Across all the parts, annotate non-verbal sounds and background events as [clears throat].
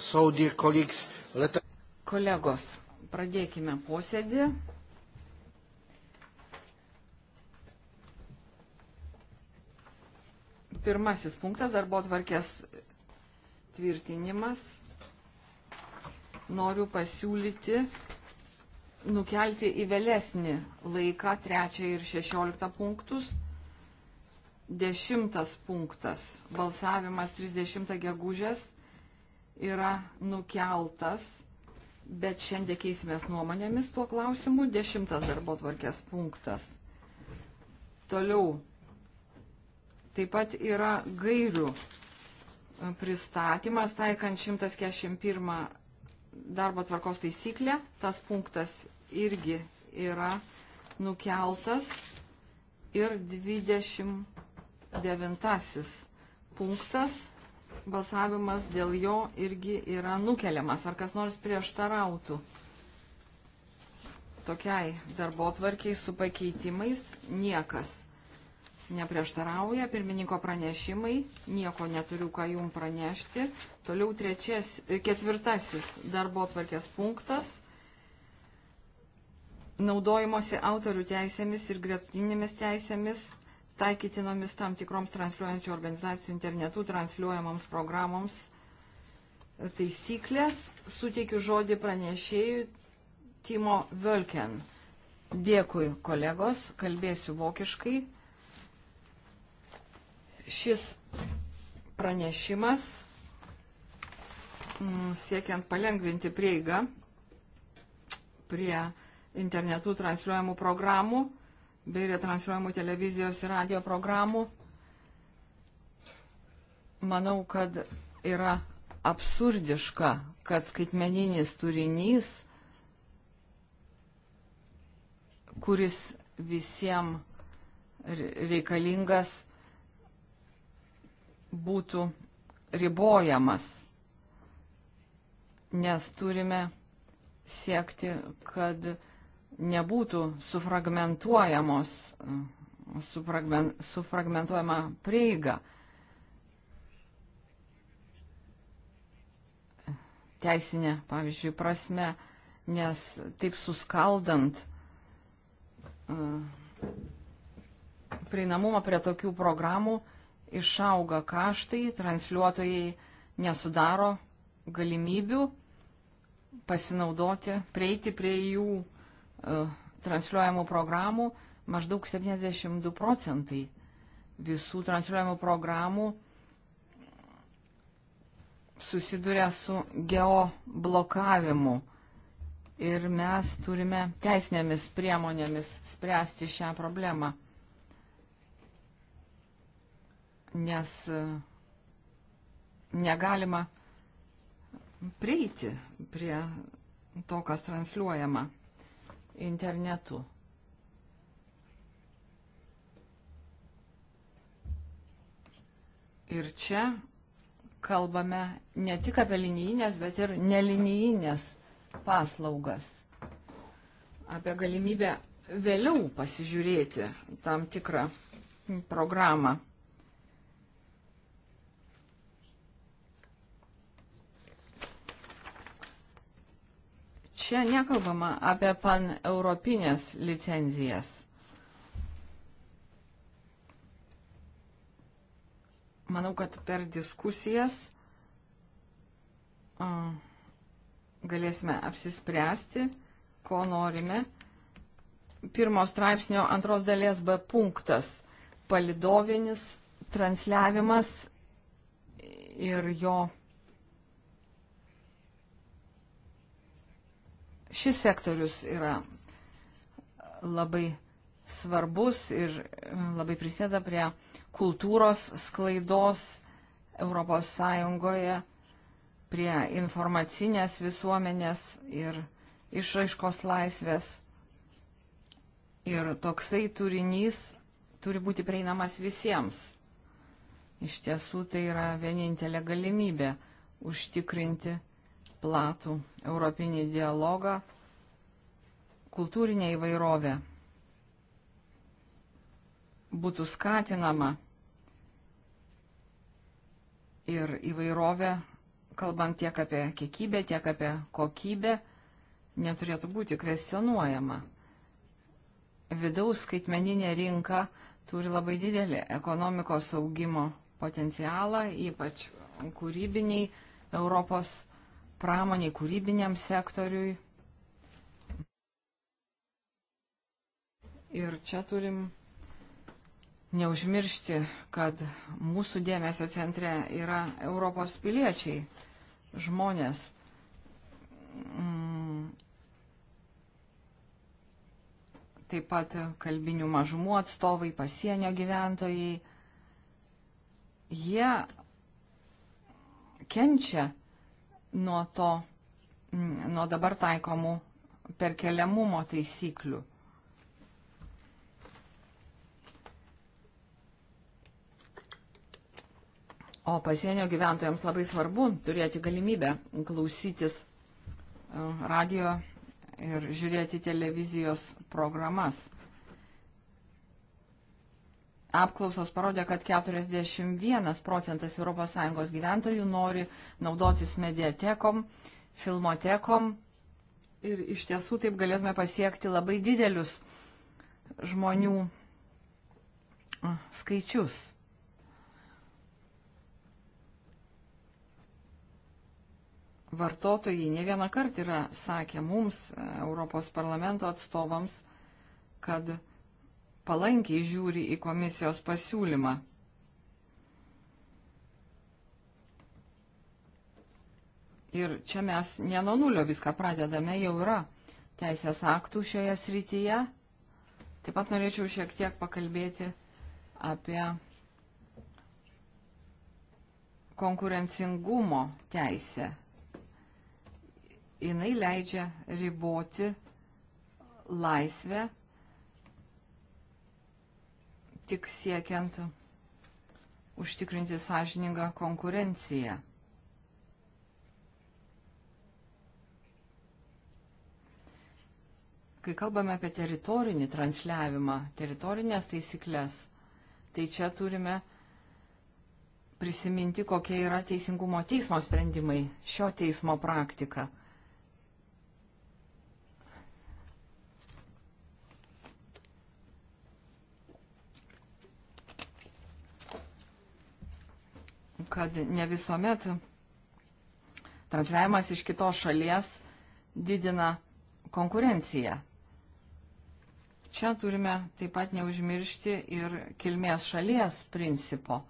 So, dear colleagues, let... Kolegos, pradėkime posėdį. Pirmasis punktas - darbo tvarkės tvirtinimas. Noriu pasiūlyti nukelti į vėlesnį laiką trečią ir šešioliktą punktus. Dešimtas punktas - balsavimas 30 gegužės yra nukeltas, bet šiandien keisimės nuomonėmis tuo klausimu. Dešimtas darbo tvarkės punktas. Toliau taip pat yra gairių pristatymas taikant 141 darbo tvarkos taisyklę. Tas punktas irgi yra nukeltas ir 29 punktas balsavimas dėl jo irgi yra nukeliamas. Ar kas nors prieštarautų tokiai darbo tvarkiai su pakeitimais? Niekas neprieštarauja. Pirmininko pranešimai, nieko neturiu ką jum pranešti. Toliau trečias, ketvirtasis darbo tvarkės punktas. Naudojimuose autorių teisėmis ir gretutinėmis teisėmis taikytinomis tam tikroms transliuojančių organizacijų internetu transliuojamoms programoms taisyklės. Suteikiu žodį pranešėjui Timo Völken. Dėkui, kolegos, kalbėsiu vokiškai. Šis pranešimas mm, siekiant palengvinti prieigą prie internetu transliuojamų programų bei retransliuojamų televizijos ir radio programų. Manau, kad yra absurdiška, kad skaitmeninis turinys, kuris visiems reikalingas, būtų ribojamas, nes turime siekti, kad nebūtų sufragmentuojamos, sufragmen, sufragmentuojama prieiga. Teisinė, pavyzdžiui, prasme, nes taip suskaldant e, prieinamumą prie tokių programų išauga kaštai, transliuotojai nesudaro galimybių pasinaudoti, prieiti prie jų E, transliuojamų programų maždaug 72 procentai visų transliuojamų programų susiduria su geoblokavimu. Ir mes turime teisinėmis priemonėmis spręsti šią problemą. Nes e, negalima prieiti prie to, kas transliuojama internetu. Ir čia kalbame ne tik apie linijinės, bet ir nelinijinės paslaugas. Apie galimybę vėliau pasižiūrėti tam tikrą programą. Čia nekalbama apie pan-europinės licenzijas. Manau, kad per diskusijas galėsime apsispręsti, ko norime. Pirmo straipsnio antros dalies B punktas - palidovinis transliavimas ir jo šis sektorius yra labai svarbus ir e, labai prisėda prie kultūros sklaidos Europos Sąjungoje, prie informacinės visuomenės ir išraiškos laisvės. Ir toksai turinys turi būti prieinamas visiems. Iš tiesų tai yra vienintelė galimybė užtikrinti platų europinį dialogą, kultūrinė įvairovė būtų skatinama ir įvairovė, kalbant tiek apie kiekybę, tiek apie kokybę, neturėtų būti kvestionuojama. Vidaus skaitmeninė rinka turi labai didelį ekonomikos augimo potencialą, ypač kūrybiniai Europos pramoniai, kūrybiniam sektoriui. Ir čia turim neužmiršti, kad mūsų dėmesio centre yra Europos piliečiai, žmonės. Mm. Taip pat kalbinių mažumų atstovai, pasienio gyventojai. Jie kenčia nuo to, mm, nuo dabar taikomų perkeliamumo taisyklių. O pasienio gyventojams labai svarbu turėti galimybę klausytis e, radio ir žiūrėti televizijos programas. Apklausos parodė, kad 41 procentas ES gyventojų nori naudotis mediatekom, filmotekom ir iš tiesų taip galėtume pasiekti labai didelius žmonių skaičius. Vartotojai ne vieną kartą yra sakę mums, Europos parlamento atstovams, kad palankiai žiūri į komisijos pasiūlymą. Ir čia mes ne nuo nulio viską pradedame, jau yra teisės aktų šioje srityje. Taip pat norėčiau šiek tiek pakalbėti apie konkurencingumo teisę. Jis leidžia riboti laisvę tik siekiant užtikrinti sąžiningą konkurenciją. Kai kalbame apie teritorinį transliavimą, teritorinės taisyklės, tai čia turime prisiminti, kokie yra teisingumo teismo sprendimai, šio teismo praktika – kad ne visuomet transliavimas iš kitos šalies didina konkurenciją. Čia turime taip pat neužmiršti ir kilmės šalies principo.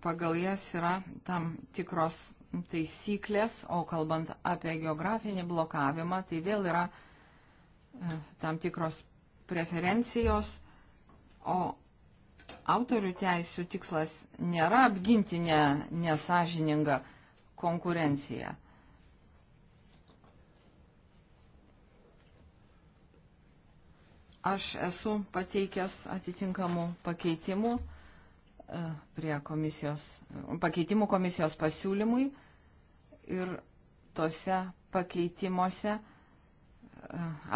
Pagal jas yra tam tikros taisyklės, o kalbant apie geografinį blokavimą, tai vėl yra e, tam tikros preferencijos, o autorių teisų tikslas nėra apginti ne, nesažiningą konkurenciją. Aš esu pateikęs atitinkamų pakeitimų e, prie komisijos, pakeitimų komisijos pasiūlymui ir tose pakeitimuose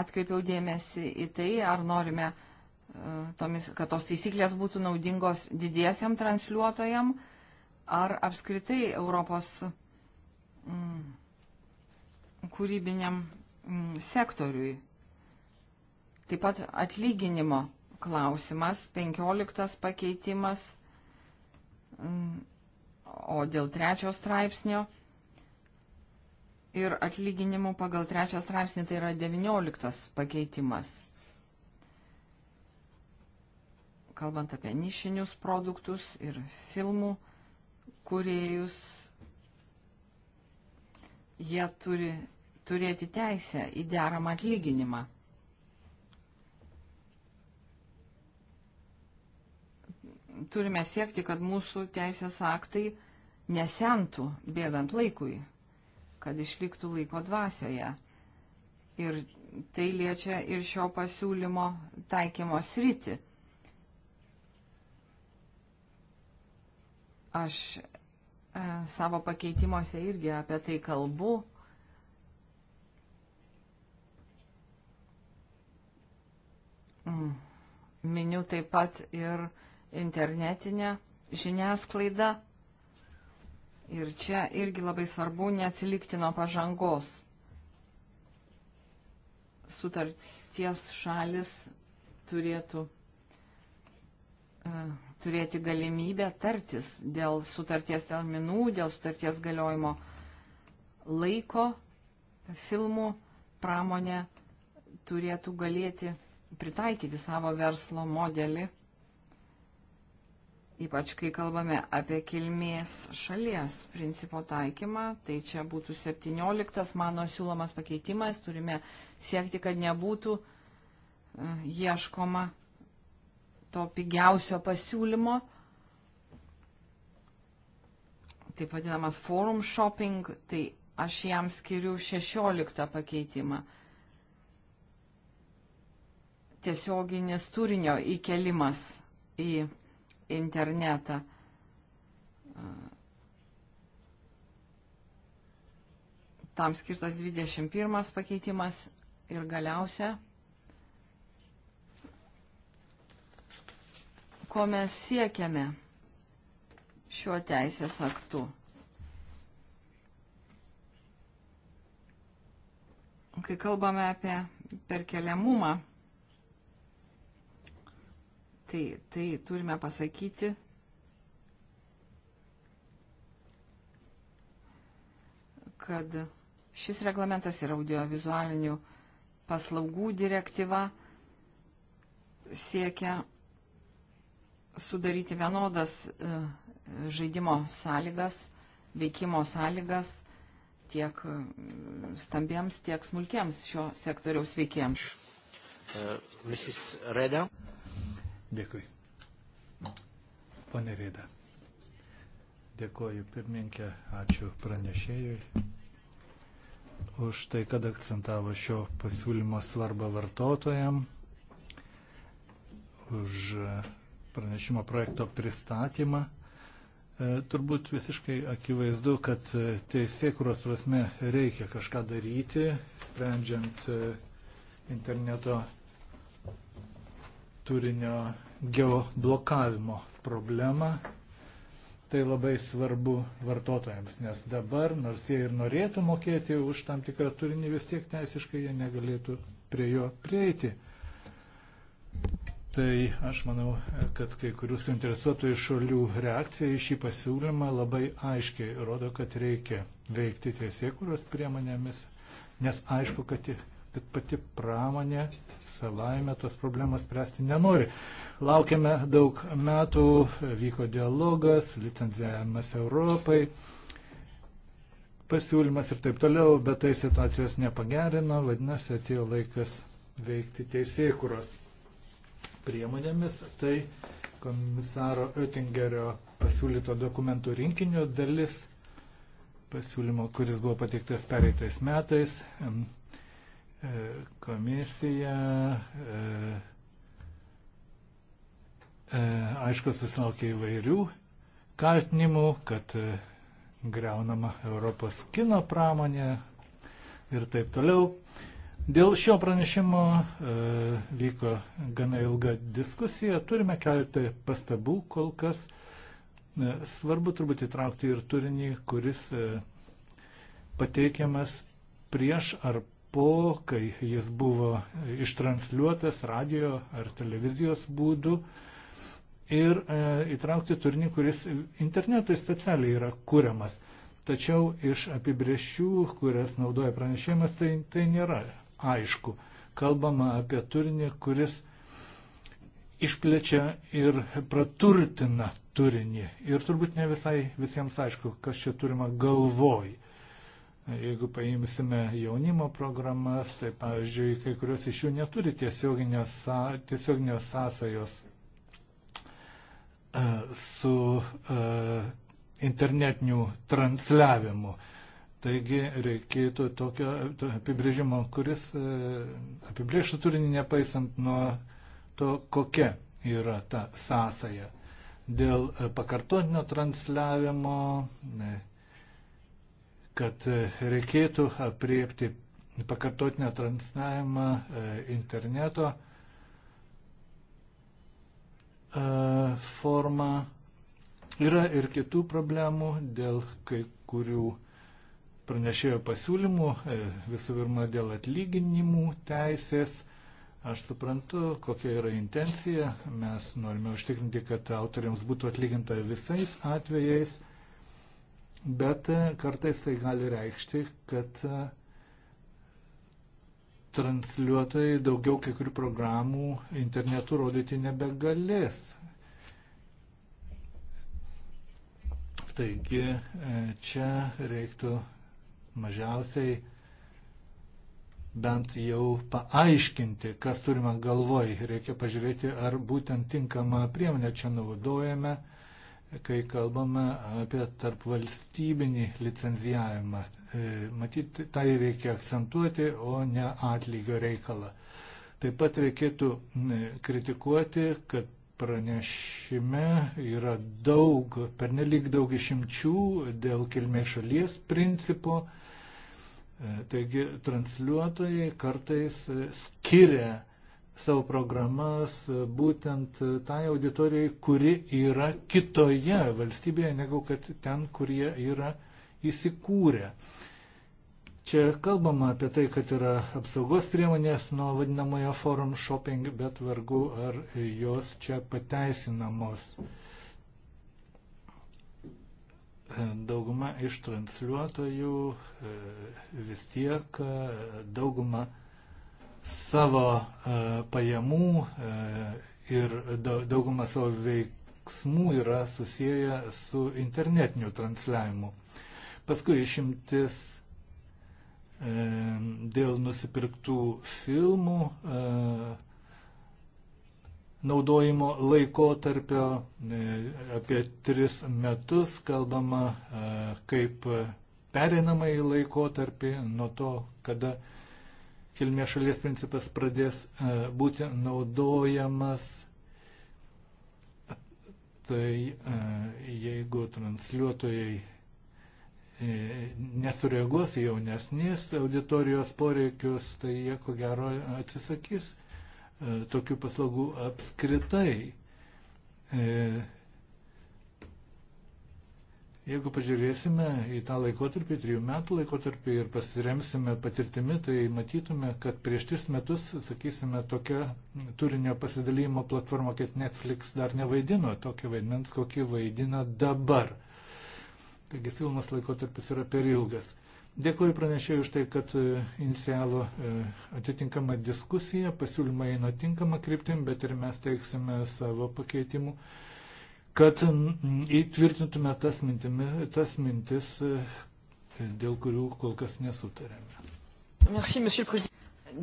atkreipiau dėmesį į tai, ar norime, e, tomis, kad tos taisyklės būtų naudingos didiesiam transliuotojam, ar apskritai Europos mm, kūrybiniam mm, sektoriui. Taip pat atlyginimo klausimas, 15 pakeitimas, mm, o dėl trečio straipsnio ir atlyginimų pagal trečią straipsnį, tai yra 19 pakeitimas. Kalbant apie nišinius produktus ir filmų kuriejus, jie turi turėti teisę į deramą atlyginimą. Turime siekti, kad mūsų teisės aktai nesentų bėgant laikui kad išliktų laiko dvasioje. Ir tai liečia ir šio pasiūlymo taikymo sritį. Aš e, savo pakeitimuose irgi apie tai kalbu. Mm. Miniu taip pat ir internetinę žiniasklaidą. Ir čia irgi labai svarbu neatsilikti nuo pažangos. Sutarties šalis turėtų uh, turėti galimybę tartis dėl sutarties terminų, dėl sutarties galiojimo laiko filmų pramonė turėtų galėti pritaikyti savo verslo modelį ypač kai kalbame apie kilmės šalies principo taikymą, tai čia būtų 17 mano siūlomas pakeitimas, turime siekti, kad nebūtų e, ieškoma to pigiausio pasiūlymo, taip vadinamas forum shopping, tai aš jam skiriu 16 pakeitimą. Tiesioginis turinio įkelimas į internetą. Tam skirtas 21 pakeitimas ir galiausia ko mes siekiame šiuo teisės aktu. Kai kalbame apie perkeliamumą, Tai, tai turime pasakyti. kad šis reglamentas yra audiovizualinių paslaugų direktyva siekia sudaryti vienodas e, žaidimo sąlygas, veikimo sąlygas tiek e, stambiems, tiek smulkiems šio sektoriaus veikiems. Uh, e, Reda. Dėkui. Pane Rėda. Dėkoju pirmininkė, ačiū pranešėjui už tai, kad akcentavo šio pasiūlymo svarbą vartotojam, už pranešimo projekto pristatymą. E, turbūt visiškai akivaizdu, kad teisėkuros prasme reikia kažką daryti, sprendžiant e, interneto turinio geoblokavimo problemą. Tai labai svarbu vartotojams, nes dabar, nors jie ir norėtų mokėti už tam tikrą turinį, vis tiek teisiškai jie negalėtų prie jo prieiti. Tai aš manau, kad kai kurių suinteresuotųjų šalių reakcija į šį pasiūlymą labai aiškiai rodo, kad reikia veikti tiesiekuros priemonėmis, nes aišku, kad bet pati pramonė savaime tos problemas spręsti nenori. Laukiame daug metų, vyko dialogas, licenzijavimas Europai, pasiūlymas ir taip toliau, bet tai situacijos nepagerino, vadinasi, atėjo laikas veikti teisėkuros priemonėmis. Tai komisaro Oettingerio pasiūlyto dokumentų rinkinio dalis pasiūlymo, kuris buvo pateiktas pereitais metais. E, komisija, e, e, aišku, susilaukė įvairių kaltinimų, kad greunama Europos kino pramonė ir taip toliau. Dėl šio pranešimo e, vyko gana ilga diskusija, turime keletą pastabų kol kas. E, svarbu turbūt įtraukti ir turinį, kuris e, pateikiamas prieš ar po, kai jis buvo ištransliuotas radio ar televizijos būdu ir e, įtraukti turinį, kuris internetui specialiai yra kuriamas. Tačiau iš apibriešių, kurias naudoja pranešėjimas, tai, tai nėra aišku. Kalbama apie turinį, kuris išplečia ir praturtina turinį. Ir turbūt ne visai visiems aišku, kas čia turima galvoj. Jeigu paimsime jaunimo programas, tai pavyzdžiui, kai kurios iš jų neturi tiesioginės, tiesioginės sąsajos e, su e, internetiniu transliavimu. Taigi reikėtų tokio apibrėžimo, kuris e, apibrėžtų turinį nepaisant nuo to, kokia yra ta sąsaja. Dėl pakartotinio transliavimo, ne, kad e, reikėtų apriepti pakartotinę transnavimą e, interneto e, formą. Yra ir kitų problemų dėl kai kurių pranešėjo pasiūlymų, visų pirma dėl atlyginimų teisės. Aš suprantu, kokia yra intencija. Mes norime užtikrinti, kad autoriams būtų atlyginta visais atvejais bet e, kartais tai gali reikšti, kad e, transliuotojai daugiau kai kurių programų internetu rodyti nebegalės. Taigi e, čia reiktų mažiausiai bent jau paaiškinti, kas turime galvoj. Reikia pažiūrėti, ar būtent tinkamą priemonę čia naudojame kai kalbame apie tarpvalstybinį licenzijavimą. E, matyt, tai reikia akcentuoti, o ne atlygio reikalą. Taip pat reikėtų e, kritikuoti, kad pranešime yra daug, pernelik daug išimčių dėl kilmės šalies principo. E, taigi transliuotojai kartais skiria savo programas būtent tai auditorijai, kuri yra kitoje valstybėje negu kad ten, kur jie yra įsikūrę. Čia kalbama apie tai, kad yra apsaugos priemonės nuo vadinamojo forum shopping, bet vargu ar jos čia pateisinamos. Dauguma iš transliuotojų e, vis tiek, e, dauguma savo e, pajamų e, ir daugumą savo veiksmų yra susiję su internetiniu transliavimu. Paskui išimtis e, dėl nusipirktų filmų naudojimo laikotarpio apie tris metus kalbama kaip pereinamąjį laikotarpį nuo to, kada uh, kilmės šalies principas pradės e, būti naudojamas, tai e, jeigu transliuotojai e, nesureaguos jaunesnės auditorijos poreikius, tai jie ko gero atsisakys tokių paslaugų apskritai. Jeigu pažiūrėsime į tą laikotarpį, trijų metų laikotarpį ir pasiremsime patirtimi, tai matytume, kad prieš tris metus, sakysime, tokia turinio pasidalymo platforma kaip Netflix dar nevaidino tokio vaidmens, kokį vaidina dabar. Taigi silnas laikotarpis yra per ilgas. Dėkuoju pranešėjui už tai, kad e, inicijavo e, atitinkamą diskusiją, pasiūlymą eina tinkama kryptim, bet ir mes teiksime savo pakeitimų kad įtvirtintume tas, mintimi, tas mintis, e, dėl kurių kol kas nesutarėme. Merci,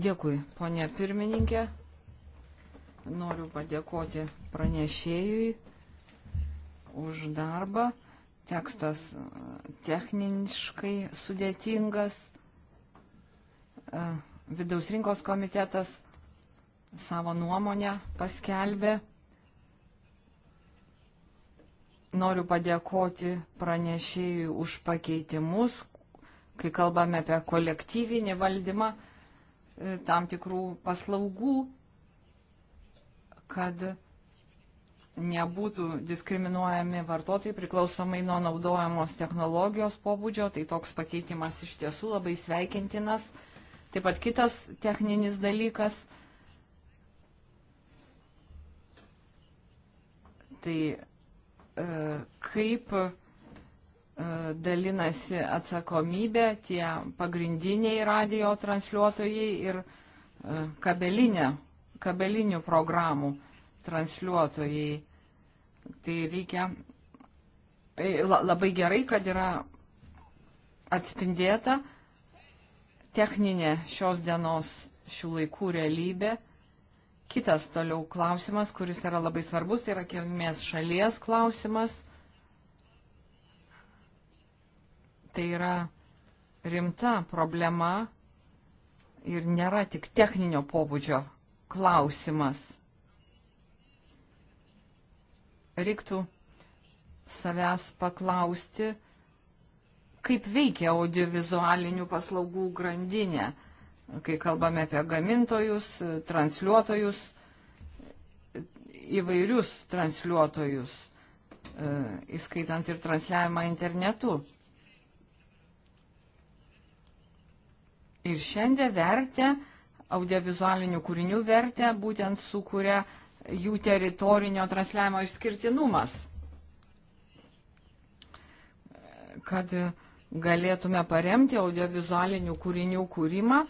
Dėkui, ponė pirmininkė. Noriu padėkoti pranešėjui už darbą. Tekstas e, techniškai sudėtingas. E, vidaus rinkos komitetas savo nuomonę paskelbė. Noriu padėkoti pranešėjui už pakeitimus, kai kalbame apie kolektyvinį valdymą e, tam tikrų paslaugų, kad nebūtų diskriminuojami vartotojai priklausomai nuo naudojamos technologijos pobūdžio, tai toks pakeitimas iš tiesų labai sveikintinas. Taip pat kitas techninis dalykas, tai E, kaip e, dalinasi atsakomybė tie pagrindiniai radio transliuotojai ir e, kabelinė, kabelinių programų transliuotojai. Tai reikia tai labai gerai, kad yra atspindėta techninė šios dienos šių laikų realybė Kitas toliau klausimas, kuris yra labai svarbus, tai yra kilmės šalies klausimas. Tai yra rimta problema ir nėra tik techninio pobūdžio klausimas. Reiktų savęs paklausti, kaip veikia audiovizualinių paslaugų grandinė kai kalbame apie gamintojus, transliuotojus, įvairius transliuotojus, e, įskaitant ir transliavimą internetu. Ir šiandien vertę, audiovizualinių kūrinių vertę būtent sukuria jų teritorinio transliavimo išskirtinumas. Kad galėtume paremti audiovizualinių kūrinių kūrimą,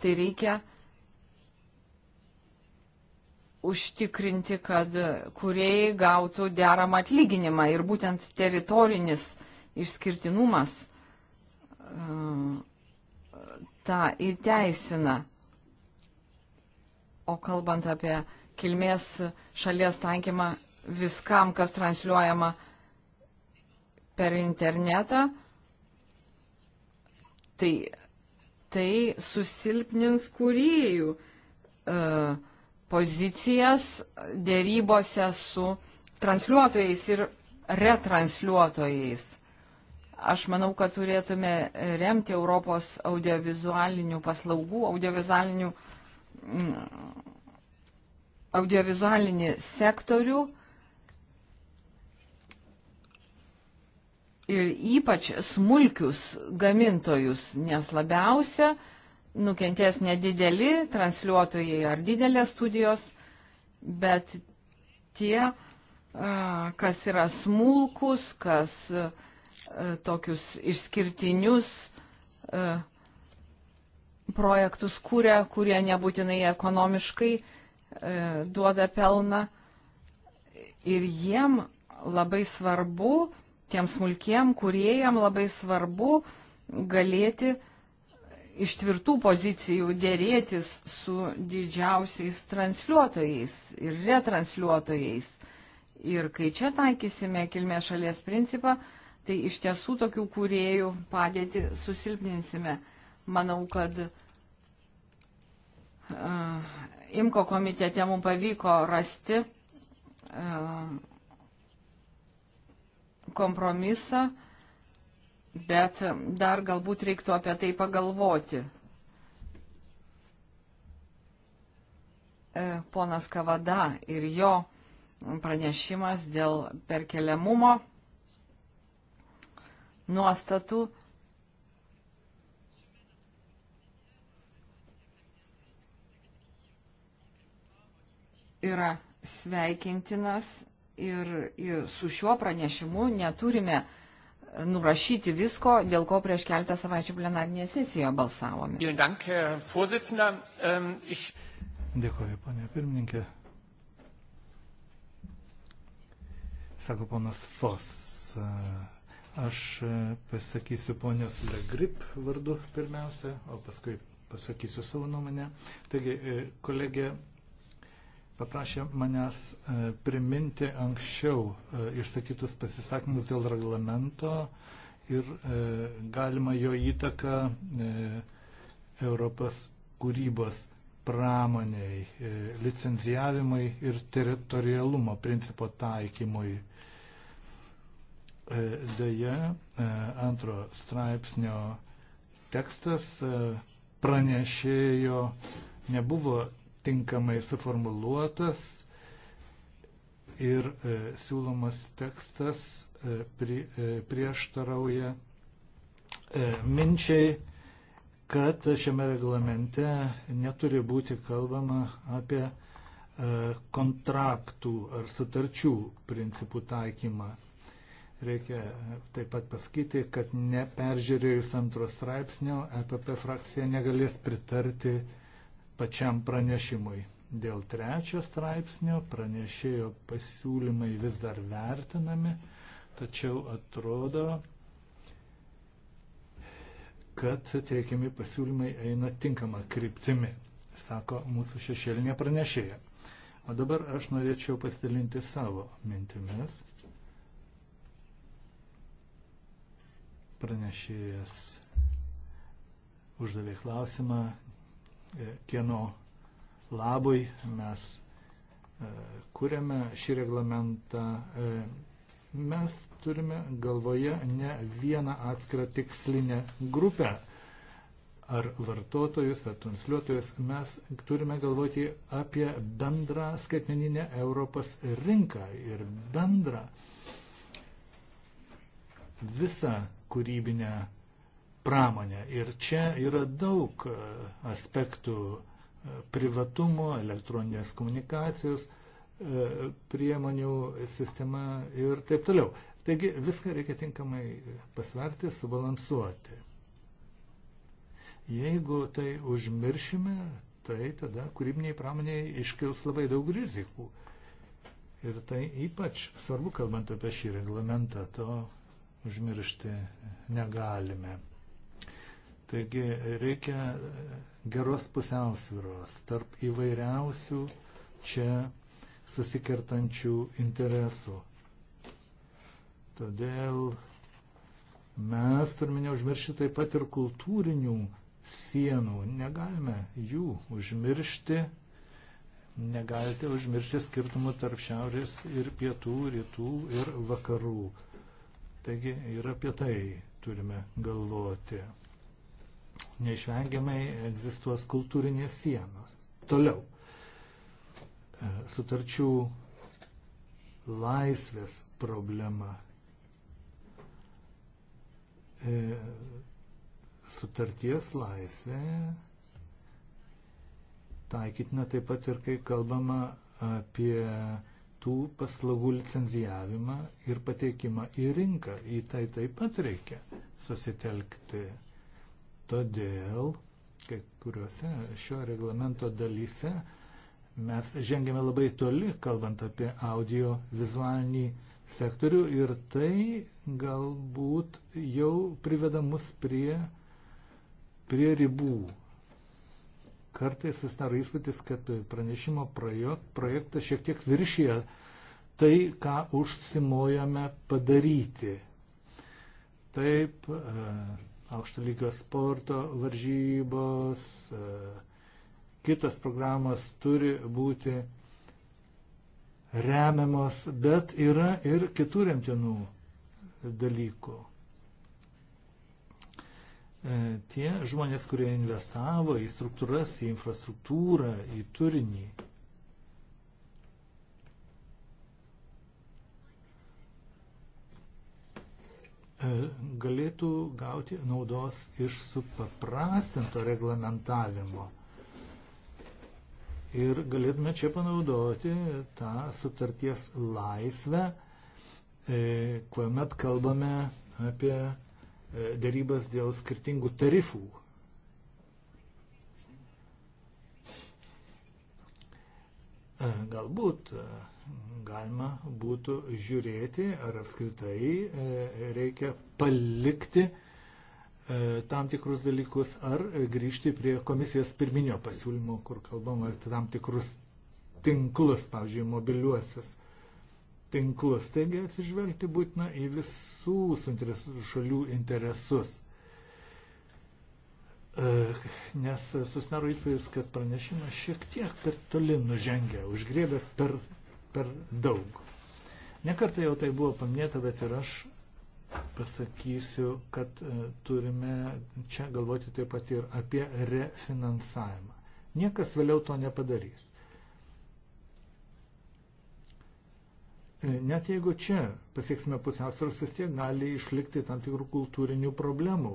tai reikia užtikrinti, kad kuriejai gautų deramą atlyginimą ir būtent teritorinis išskirtinumas e, tą įteisina. O kalbant apie kilmės šalies tankymą viskam, kas transliuojama per internetą, tai tai susilpnins kūrėjų e, pozicijas dėrybose su transliuotojais ir retransliuotojais. Aš manau, kad turėtume remti Europos audiovizualinių paslaugų, audiovizualinių, mm, audiovizualinį sektorių ir ypač smulkius gamintojus, nes labiausia nukentės nedideli transliuotojai ar didelės studijos, bet tie, kas yra smulkus, kas tokius išskirtinius projektus kūrė, kurie nebūtinai ekonomiškai duoda pelną. Ir jiem labai svarbu, tiem smulkiem kuriejam labai svarbu galėti iš tvirtų pozicijų dėrėtis su didžiausiais transliuotojais ir retransliuotojais. Ir kai čia taikysime kilmės šalies principą, tai iš tiesų tokių kuriejų padėti susilpninsime. Manau, kad uh, IMKO komitete mums pavyko rasti uh, kompromisą, bet dar galbūt reiktų apie tai pagalvoti. E, ponas Kavada ir jo pranešimas dėl perkeliamumo nuostatų yra sveikintinas ir, ir su šiuo pranešimu neturime nurašyti visko, dėl ko prieš keltą savaičių plenarinėje sesijoje balsavome. Ähm, Dėkuoju, ponė pirmininkė. Sako ponas Fos. Aš pasakysiu ponios Legrip vardu pirmiausia, o paskui pasakysiu savo nuomonę. Taigi, e, kolegė paprašė manęs e, priminti anksčiau e, išsakytus pasisakymus dėl reglamento ir e, galima jo įtaką Europos kūrybos pramoniai, licenzijavimai ir teritorialumo principo taikymui. Deja, antro straipsnio tekstas pranešėjo nebuvo tinkamai suformuluotas ir e, siūlomas tekstas e, pri, e, prieštarauja e, minčiai, kad šiame reglamente neturi būti kalbama apie e, kontraktų ar sutarčių principų taikymą. Reikia e, taip pat pasakyti, kad neperžiūrėjus antro straipsnio EPP frakcija negalės pritarti pačiam pranešimui. Dėl trečio straipsnio pranešėjo pasiūlymai vis dar vertinami, tačiau atrodo, kad teikiami pasiūlymai eina tinkama kryptimi, sako mūsų šešėlinė pranešėja. O dabar aš norėčiau pasidalinti savo mintimis. Pranešėjas uždavė klausimą E, kieno labui mes e, kuriame šį reglamentą. E, mes turime galvoje ne vieną atskirą tikslinę grupę ar vartotojus, ar transliuotojus. Mes turime galvoti apie bendrą skaitmeninę Europos rinką ir bendrą visą kūrybinę pramonę. Ir čia yra daug e, aspektų e, privatumo, elektroninės komunikacijos e, priemonių sistema ir taip toliau. Taigi viską reikia tinkamai pasverti, subalansuoti. Jeigu tai užmiršime, tai tada kūrybiniai pramoniai iškils labai daug rizikų. Ir tai ypač svarbu, kalbant apie šį reglamentą, to užmiršti negalime. Taigi reikia geros pusiausviros tarp įvairiausių čia susikertančių interesų. Todėl mes turime neužmiršti taip pat ir kultūrinių sienų. Negalime jų užmiršti. Negalite užmiršti skirtumų tarp šiaurės ir pietų, rytų ir vakarų. Taigi ir apie tai turime galvoti neišvengiamai egzistuos kultūrinės sienos. Toliau. E, sutarčių laisvės problema. E, sutarties laisvė taikytina taip pat ir kai kalbama apie tų paslaugų licenzijavimą ir pateikimą į rinką. Į tai taip pat reikia susitelkti. Todėl kai kuriuose šio reglamento dalyse mes žengėme labai toli, kalbant apie audio vizualinį sektorių ir tai galbūt jau priveda mus prie, prie ribų. Kartais susidaro įspūdis, kad pranešimo projektas šiek tiek viršyje tai, ką užsimojame padaryti. Taip, e, aukšto lygio sporto varžybos, e, kitas programas turi būti remiamos, bet yra ir kitų remtinų dalykų. E, tie žmonės, kurie investavo į struktūras, į infrastruktūrą, į turinį, E, galėtų gauti naudos iš supaprastinto reglamentavimo. Ir galėtume čia panaudoti tą sutarties laisvę, e, kuomet kalbame apie e, dėrybas dėl skirtingų tarifų. Galbūt galima būtų žiūrėti, ar apskritai e, reikia palikti e, tam tikrus dalykus, ar grįžti prie komisijos pirminio pasiūlymo, kur kalbama apie tam tikrus tinklus, pavyzdžiui, mobiliuosius tinklus. Taigi atsižvelgti būtina į visų šalių interesus. E, nes susidaro įspūdis, kad pranešimas šiek tiek per toli nužengia, užgrėbė per per daug. Nekartą jau tai buvo paminėta, bet ir aš pasakysiu, kad e, turime čia galvoti taip pat ir apie refinansavimą. Niekas vėliau to nepadarys. E, net jeigu čia pasieksime pusiausvėros, vis tiek gali išlikti tam tikrų kultūrinių problemų.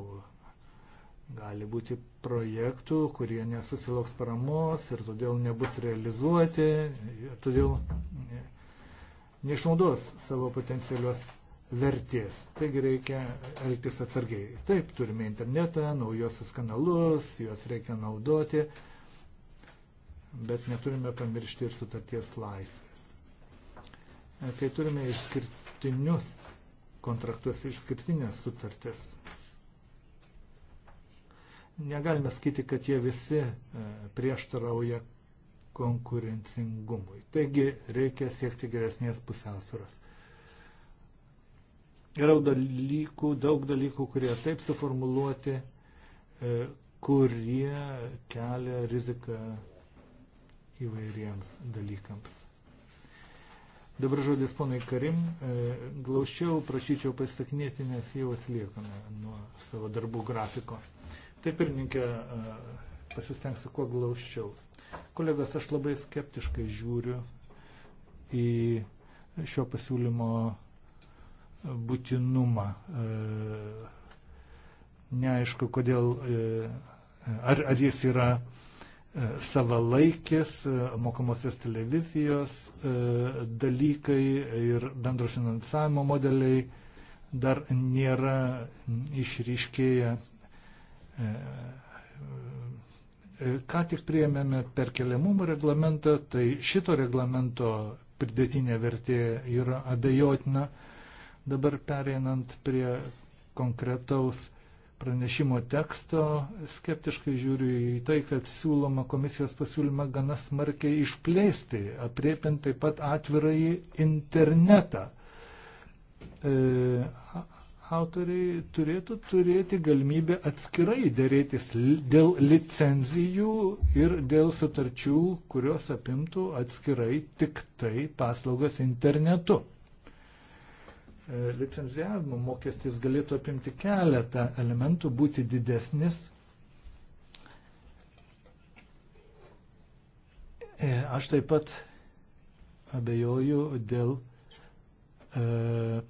Gali būti projektų, kurie nesusilauks paramos ir todėl nebus realizuoti, ir todėl neišnaudos savo potencialios vertės. Taigi reikia elgtis atsargiai. Taip, turime internetą, naujosius kanalus, juos reikia naudoti, bet neturime pamiršti ir sutarties laisvės. Kai turime išskirtinius kontraktus, išskirtinės sutartis, negalime sakyti, kad jie visi e, prieštarauja konkurencingumui. Taigi reikia siekti geresnės pusiausvėros. Yra dalykų, daug dalykų, kurie taip suformuluoti, e, kurie kelia riziką įvairiems dalykams. Dabar žodis ponai Karim, e, glaušiau prašyčiau pasisakinėti, nes jau atsiliekame nuo savo darbų grafiko. Taip pirmininkė, e, pasistengsiu kuo glaušiau. Kolegos, aš labai skeptiškai žiūriu į šio pasiūlymo būtinumą. E, neaišku, kodėl, e, ar, ar jis yra savalaikis, mokamosios televizijos dalykai ir bendro finansavimo modeliai dar nėra išryškėję E, e, ką tik priėmėme perkeliamumo reglamentą, tai šito reglamento pridėtinė vertė yra abejotina. Dabar pereinant prie konkretaus pranešimo teksto, skeptiškai žiūriu į tai, kad siūloma komisijos pasiūlymą gana smarkiai išplėsti, apriepint taip pat atvirąjį internetą. E, autoriai turėtų turėti galimybę atskirai dėrėtis dėl licenzijų ir dėl sutarčių, kurios apimtų atskirai tik tai paslaugas internetu. E, licenzijavimo mokestis galėtų apimti keletą elementų, būti didesnis. E, aš taip pat abejoju dėl e,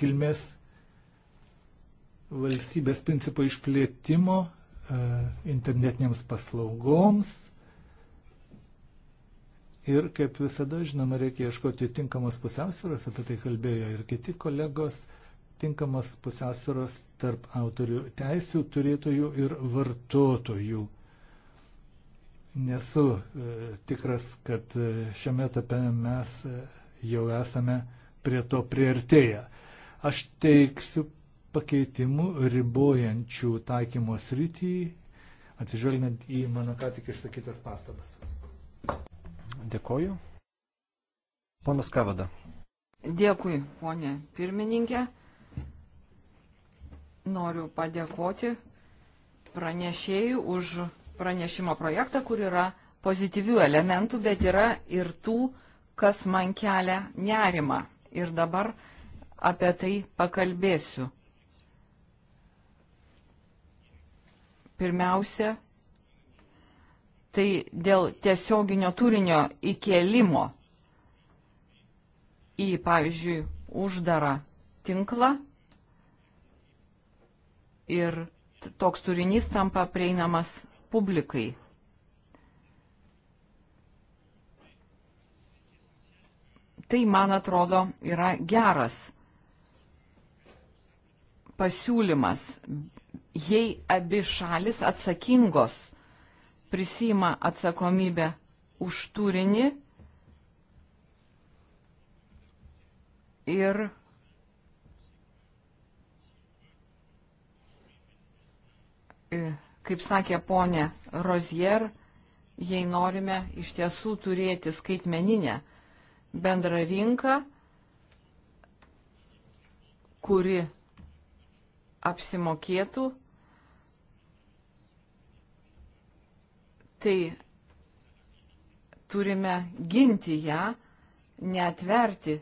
kilmės valstybės principo išplėtimo e, internetinėms paslaugoms. Ir kaip visada, žinoma, reikia ieškoti tinkamos pusiausvėros, apie tai kalbėjo ir kiti kolegos, tinkamos pusiausvėros tarp autorių teisių, turėtojų ir vartotojų. Nesu e, tikras, kad e, šiame etape mes e, jau esame prie to priartėję. Aš teiksiu pakeitimų ribojančių taikymo sritį, atsižvelgiant į mano ką tik išsakytas pastabas. Dėkoju. Ponas Kavada. Dėkui, ponė pirmininkė. Noriu padėkoti pranešėjų už pranešimo projektą, kur yra pozityvių elementų, bet yra ir tų, kas man kelia nerimą. Ir dabar uh, apie tai pakalbėsiu. Pirmiausia, tai dėl tiesioginio turinio įkėlimo į, pavyzdžiui, uždarą tinklą ir toks turinys tampa prieinamas publikai. Tai, man atrodo, yra geras pasiūlymas, jei abi šalis atsakingos prisima atsakomybę už turinį ir e, kaip sakė ponė Rozier, jei norime iš tiesų turėti skaitmeninę bendrą rinką, kuri apsimokėtų, tai turime ginti ją, neatverti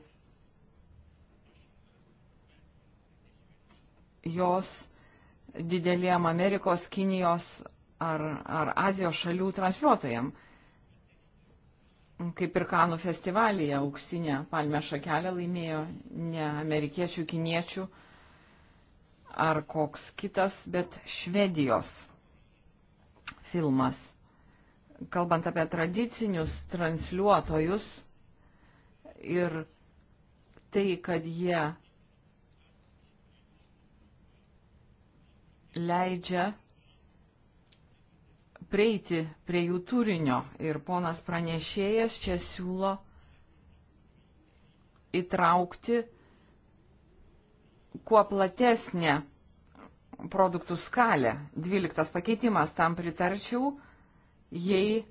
jos dideliem Amerikos, Kinijos ar, ar Azijos šalių transliuotojam. Kaip ir Kanų festivalyje auksinė palmė šakelė laimėjo ne amerikiečių, kiniečių, uh, ar koks kitas, bet Švedijos filmas. Kalbant apie tradicinius transliuotojus ir tai, kad jie leidžia prieiti prie jų turinio. Ir ponas pranešėjas čia siūlo įtraukti kuo platesnė produktų skalė. 12 pakeitimas tam pritarčiau, jei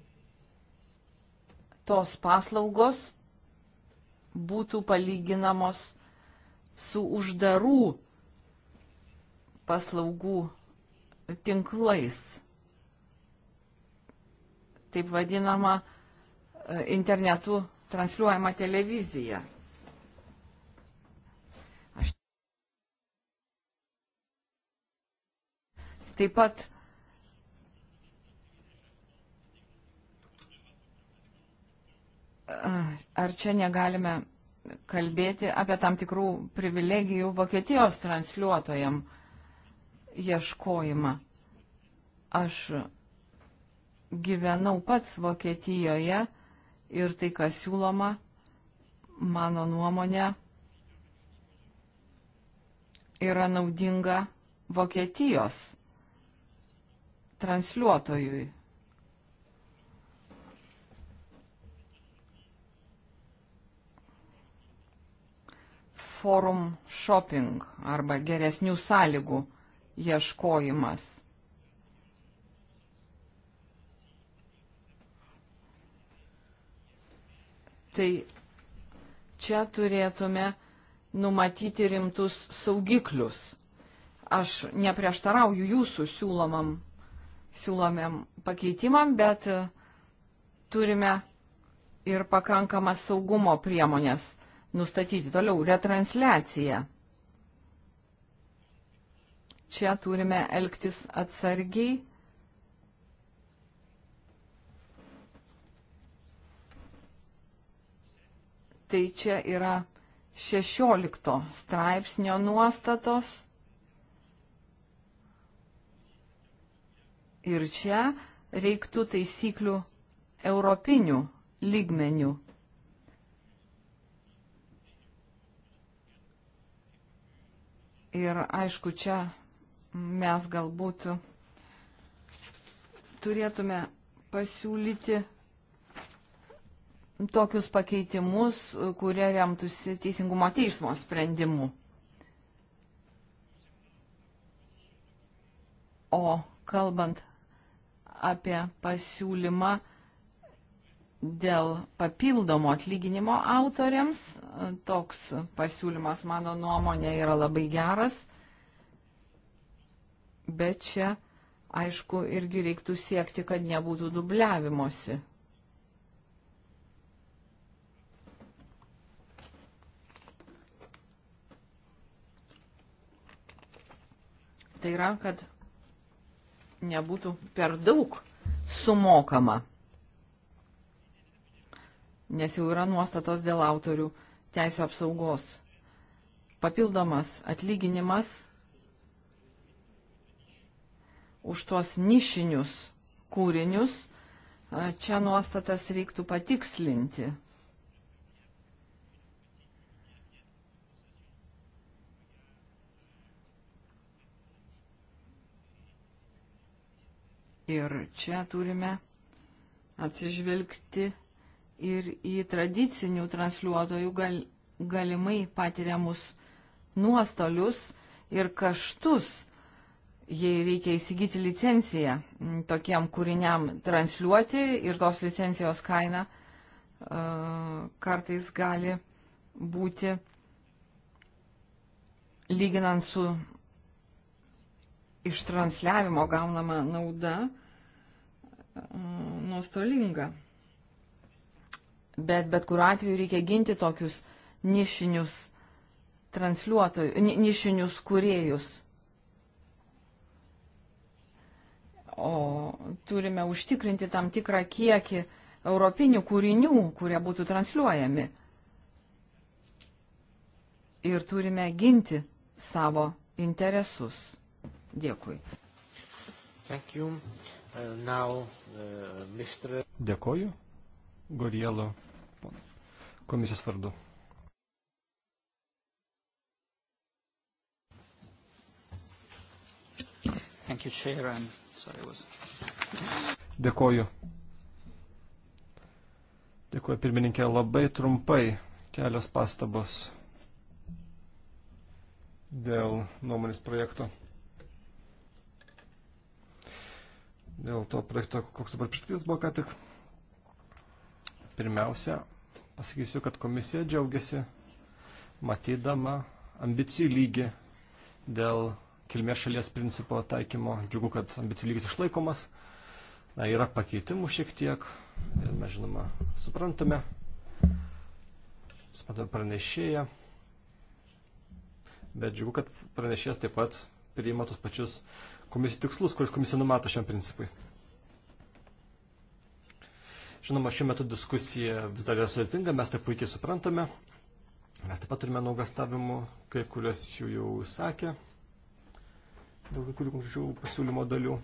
tos paslaugos būtų palyginamos su uždarų paslaugų tinklais. Taip vadinama e, internetu transliuojama televizija. Taip pat ar čia negalime kalbėti apie tam tikrų privilegijų Vokietijos transliuotojam ieškojimą. Aš gyvenau pats Vokietijoje ir tai, kas siūloma, mano nuomonė, yra naudinga Vokietijos transliuotojui. Forum shopping arba geresnių sąlygų ieškojimas. Tai čia turėtume numatyti rimtus saugiklius. Aš neprieštarauju jūsų siūlomam siūlomiam pakeitimam, bet e, turime ir pakankamas saugumo priemonės nustatyti. Toliau retransliacija. Čia turime elgtis atsargiai. Tai čia yra 16 straipsnio nuostatos Ir čia reiktų taisyklių europinių lygmenių. Ir aišku, čia mes galbūt turėtume pasiūlyti tokius pakeitimus, kurie remtųsi teisingumo teismo sprendimu. O kalbant apie pasiūlymą dėl papildomo atlyginimo autoriams. Toks pasiūlymas, mano nuomonė, yra labai geras. Bet čia, aišku, irgi reiktų siekti, kad nebūtų dubliavimosi. Tai yra, kad nebūtų per daug sumokama, nes jau yra nuostatos dėl autorių teisų apsaugos. Papildomas atlyginimas už tuos nišinius kūrinius, čia nuostatas reiktų patikslinti. Ir čia turime atsižvelgti ir į tradicinių transliuotojų gal, galimai patiriamus nuostolius ir kaštus, jei reikia įsigyti licenciją tokiam kūriniam transliuoti ir tos licencijos kaina uh, kartais gali būti lyginant su iš transliavimo gaunama nauda. Uh, Mm, nuostolinga. Bet bet kuriuo atveju reikia ginti tokius nišinius transliuotojus, ni, nišinius kuriejus. O turime užtikrinti tam tikrą kiekį europinių kūrinių, kurie būtų transliuojami. Ir turime ginti savo interesus. Dėkui. Thank you. Uh, now, uh, Mr. Dėkoju. Gorielo komisijos vardu. Thank you, Chair. I'm sorry I was... Dėkoju. Dėkoju, pirmininkė. Labai trumpai kelios pastabos dėl nuomonės projekto. dėl to projekto, koks dabar pristatytas buvo ką tik. Pirmiausia, pasakysiu, kad komisija džiaugiasi matydama ambicijų lygį dėl kilmės šalies principo taikymo. Džiugu, kad ambicijų lygis išlaikomas. Na, yra pakeitimų šiek tiek ir mes žinoma suprantame, suprantame pranešėją. Bet džiugu, kad pranešėjas taip pat priima tos pačius uh, komisijų tikslus, kuriuos komisija numato šiam principui. Žinoma, šiuo metu diskusija vis dar yra sudėtinga, mes tai puikiai suprantame. Mes taip pat turime nuogastavimų, kai kurios jų jau sakė, dėl kai kurių konkrečių pasiūlymo dalių.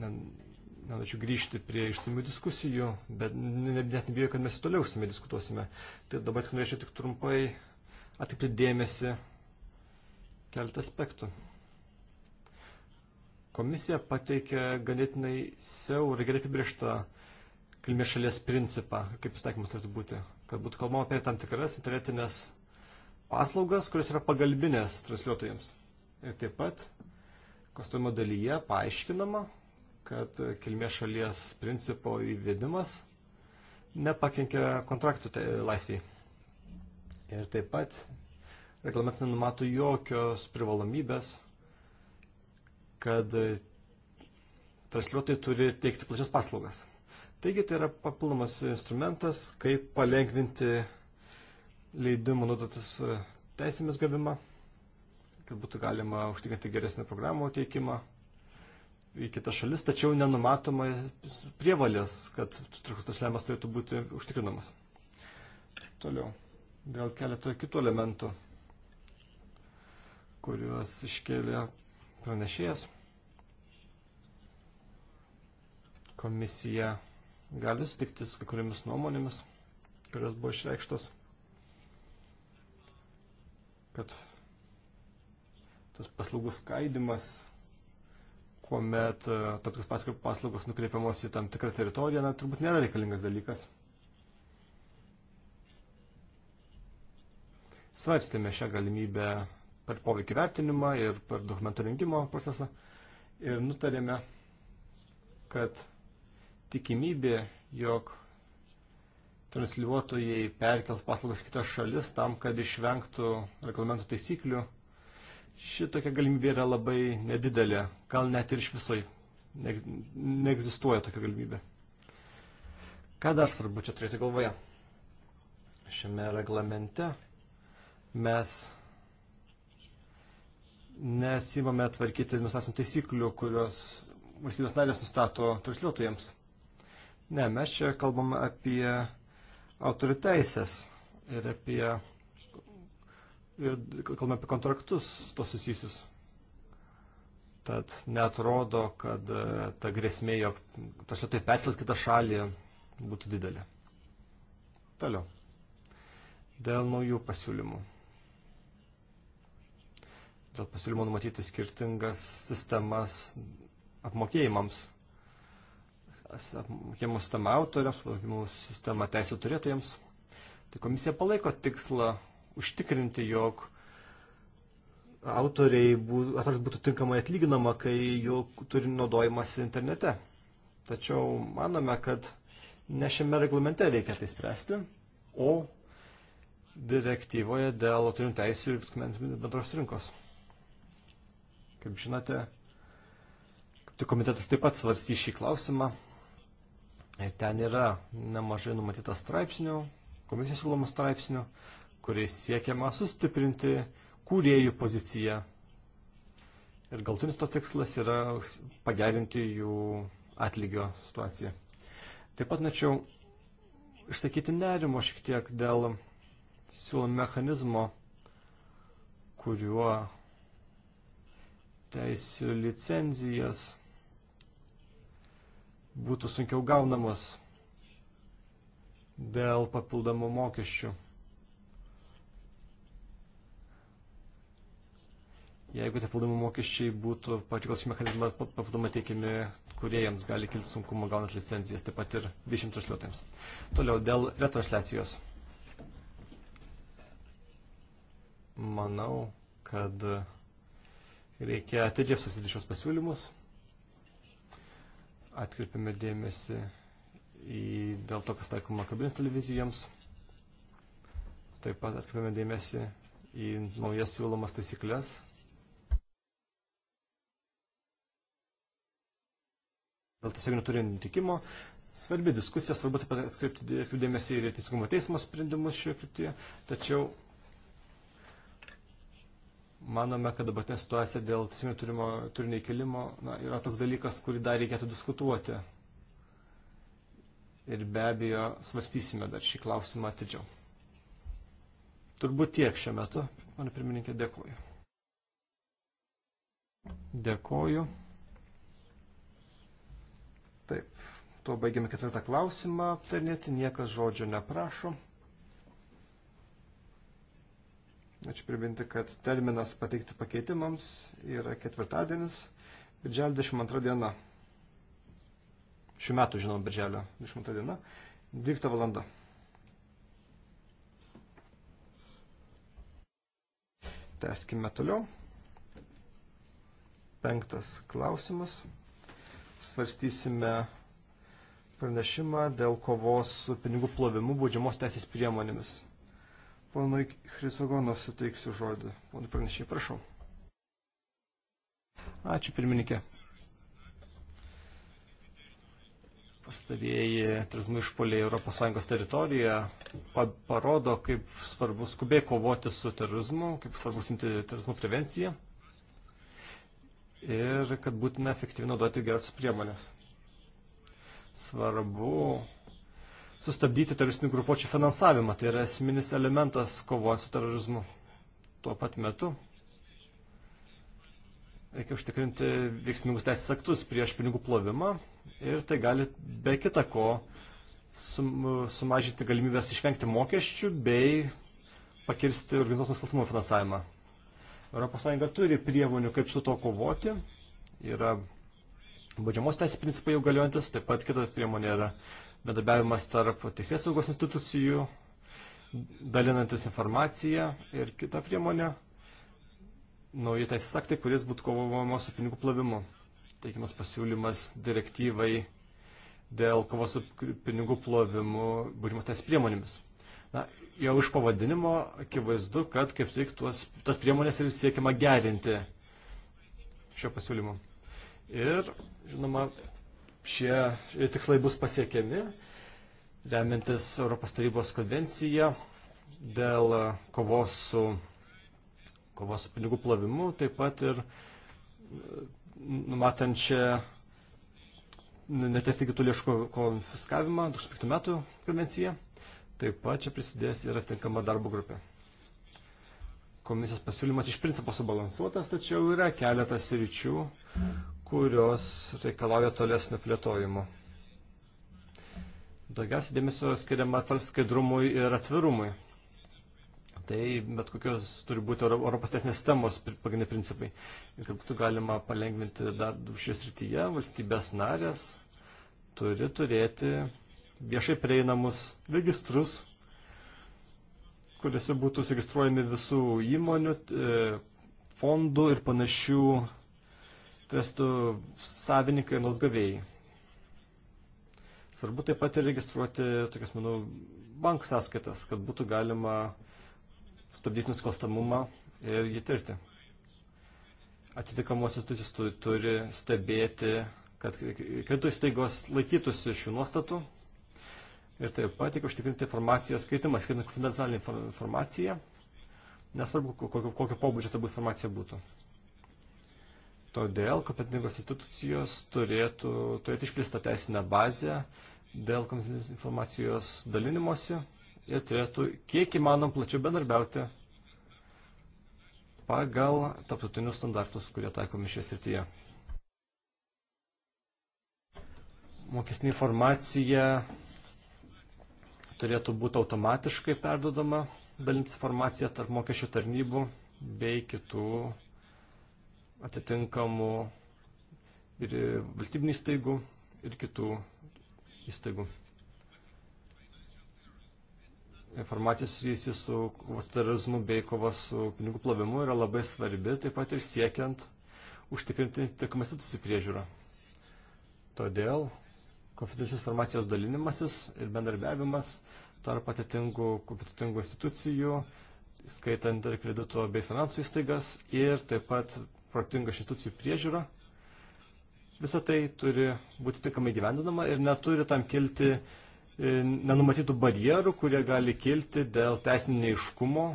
Nenorėčiau grįžti prie išsamių diskusijų, bet net nebijau, kad mes ir toliau išsamiai diskutuosime. Tai dabar tik norėčiau tik trumpai atkreipti dėmesį keletą aspektų. Komisija pateikė ganėtinai siaurą, gerai apibrieštą kilmės šalies principą, kaip sutaikymas turėtų būti, kad būtų kalbama apie tam tikras internetinės paslaugas, kurios yra pagalbinės transliuotojams. Ir taip pat konstatuojimo dalyje paaiškinama, kad kilmės šalies principo įvedimas nepakenkia kontraktų tai, laisviai. Ir taip pat reglamentas nenumato jokios privalomybės kad transliuotojai turi teikti plačias paslaugas. Taigi tai yra papildomas instrumentas, kaip palengvinti leidimų naudotis e, teisėmis gavimą, kad būtų galima užtikrinti geresnį programų teikimą į kitas šalis, tačiau nenumatoma prievalės, kad trukus transliavimas turėtų būti užtikrinamas. Toliau, dėl keletą kitų elementų, kuriuos iškėlė pranešėjas. Komisija gali sutikti su kai kuriamis nuomonėmis, kurios buvo išreikštos, kad tas paslaugų skaidimas, kuomet e, tokios paslaugos nukreipiamos į tam tikrą teritoriją, na, turbūt nėra reikalingas dalykas. Svarstėme šią galimybę per poveikį vertinimą ir per dokumento rengimo procesą. Ir nutarėme, kad tikimybė, jog transliuotojai perkels paslaugas kitas šalis tam, kad išvengtų reglamento taisyklių, šitokia galimybė yra labai nedidelė. Gal net ir iš viso ne, neegzistuoja tokia galimybė. Ką dar svarbu čia turėti galvoje? Šiame reglamente mes nesimame tvarkyti administracinių taisyklių, kurios valstybės narės nustato transliuotojams. Ne, mes čia kalbame apie autorių teisės ir apie, ir kalbame apie kontraktus tos susijusius. Tad netrodo, kad e, ta grėsmė, jog transliuotojai persils kitą šalį, būtų didelė. Toliau. Dėl naujų pasiūlymų dėl pasiūlymo numatyti skirtingas sistemas apmokėjimams. Apmokėjimų sistema autoriams, apmokėjimų sistema teisų turėtojams. Tai komisija palaiko tikslą užtikrinti, jog autoriai būtų, būtų tinkamai atlyginama, kai jų turi naudojimas internete. Tačiau manome, kad ne šiame reglamente reikia tai spręsti, o direktyvoje dėl autorinių teisų ir bendros rinkos. Kaip žinote, tai komitetas taip pat svarstys šį klausimą. Ir ten yra nemažai numatytas straipsnių, komisijos siūlomų straipsnių, kuriais siekiama sustiprinti kūrėjų poziciją. Ir galtinis to tikslas yra pagerinti jų atlygio situaciją. Taip pat norėčiau išsakyti nerimo šiek tiek dėl siūlomų mechanizmo, kuriuo teisių licenzijas būtų sunkiau gaunamos dėl papildomų mokesčių. Jeigu tie papildomi mokesčiai būtų patikros mechanizmą papildomai teikiami kuriejams, gali kilti sunkumo gaunant licencijas, taip pat ir viešim transliuotojams. Toliau, dėl retransliacijos. Manau, kad Reikia atidžiai apsasyti šios pasiūlymus. Atkreipiame dėmesį į dėl to, kas taikoma kabinės televizijoms. Taip pat atkreipiame dėmesį į naujas siūlomas taisyklės. Dėl tiesiog neturint nutikimo, svarbi diskusija, svarbu taip pat atkreipti dėmesį ir teisingumo teismo sprendimus šioje kryptyje, tačiau Manome, kad dabartinė situacija dėl teisinio turinio įkelimo na, yra toks dalykas, kurį dar reikėtų diskutuoti. Ir be abejo, svarstysime dar šį klausimą atidžiau. Turbūt tiek šiuo metu. Mano pirmininkė, dėkoju. Dėkoju. Taip, tuo baigiame ketvirtą klausimą aptarnėti. Niekas žodžio neprašo. Ačiū priminti, kad terminas pateikti pakeitimams yra ketvirtadienis, birželio 22 diena. Šių metų, žinom, birželio 22 diena, 12 valanda. Teskime toliau. Penktas klausimas. Svarstysime pranešimą dėl kovos su pinigų plovimu būdžiamos teisės priemonėmis. Ponui Chrisogono suteiksiu žodį. Ponui pranešiai, prašau. Ačiū pirmininkė. Pastarieji terorizmo išpoliai ES teritorijoje parodo, kaip svarbu skubiai kovoti su terorizmu, kaip svarbu simti terorizmo prevenciją ir kad būtina efektyviai naudoti geras priemonės. Svarbu sustabdyti teroristinių grupuočių finansavimą. Tai yra esminis elementas kovojant su terorizmu. Tuo pat metu reikia užtikrinti veiksmingus teisės aktus prieš pinigų plovimą ir tai gali be kita ko sum, sumažinti galimybės išvengti mokesčių bei pakirsti organizuotos nusikalstamumo finansavimą. ES turi priemonių, kaip su to kovoti. Yra baudžiamos teisės principai jau galiojantis, taip pat kita priemonė yra bendradarbiavimas tarp teisės saugos institucijų, dalinantis informaciją ir kita priemonė - nauji teisės aktai, kuris būtų kovojama su pinigų plovimu. Teikiamas pasiūlymas direktyvai dėl kovos su pinigų plovimu būrimas teisės priemonėmis. Na, jau iš pavadinimo akivaizdu, kad kaip tik tuos, tas priemonės ir siekiama gerinti šio pasiūlymo. Ir, žinoma, šie tikslai bus pasiekiami, remiantis Europos tarybos konvencija dėl kovos su, kovos su pinigų plovimu, taip pat ir e, numatančią netesti kitų lėšų konfiskavimą 2005 metų konvenciją. Taip pat čia prisidės ir atitinkama darbo grupė. Komisijos pasiūlymas iš principo subalansuotas, tačiau yra keletas ryčių, kurios reikalauja tolesnio plėtojimo. Daugiausiai dėmesio skiriama tarp skaidrumui ir atvirumui. Tai bet kokios turi būti Europos teisinės sistemos pagrindiniai principai. Ir kad būtų galima palengvinti dar šis rytyje, valstybės narės turi turėti viešai prieinamus registrus, kuriuose būtų registruojami visų įmonių, e, fondų ir panašių turėstų savininkai ir nusgavėjai. Svarbu taip pat ir registruoti tokias, manau, bankų sąskaitas, kad būtų galima stabdyti nusikalstamumą ir jį tirti. Atitikamos institucijos turi stebėti, kad kredito įstaigos laikytųsi šių nuostatų ir taip pat tik užtikrinti informacijos skaitimą, skaitant konfidencialinę informaciją, nesvarbu kokio, kokio pobūdžio ta informacija būtų. Todėl kompetentingos institucijos turėtų turėti išplistą teisinę bazę dėl kompetentingos informacijos dalinimosi ir turėtų kiek įmanom plačiau bendarbiauti pagal taptutinius standartus, kurie taikomi šioje srityje. Mokesnė informacija turėtų būti automatiškai perdodama dalintis informaciją tarp mokesčių tarnybų bei kitų atitinkamų ir valstybinių įstaigų ir kitų įstaigų. Informacija susijusi su kovos terorizmu bei kova su pinigų plovimu yra labai svarbi, taip pat ir siekiant užtikrinti tinkamą institucijų priežiūrą. Todėl konfidencialios informacijos dalinimasis ir bendarbiavimas tarp atitingų kompetitingų institucijų, skaitant ir kredito bei finansų įstaigas ir taip pat protingą institucijų priežiūrą. Visą tai turi būti tikamai gyvendinama ir neturi tam kilti e, nenumatytų barjerų, kurie gali kilti dėl teisinio neiškumo,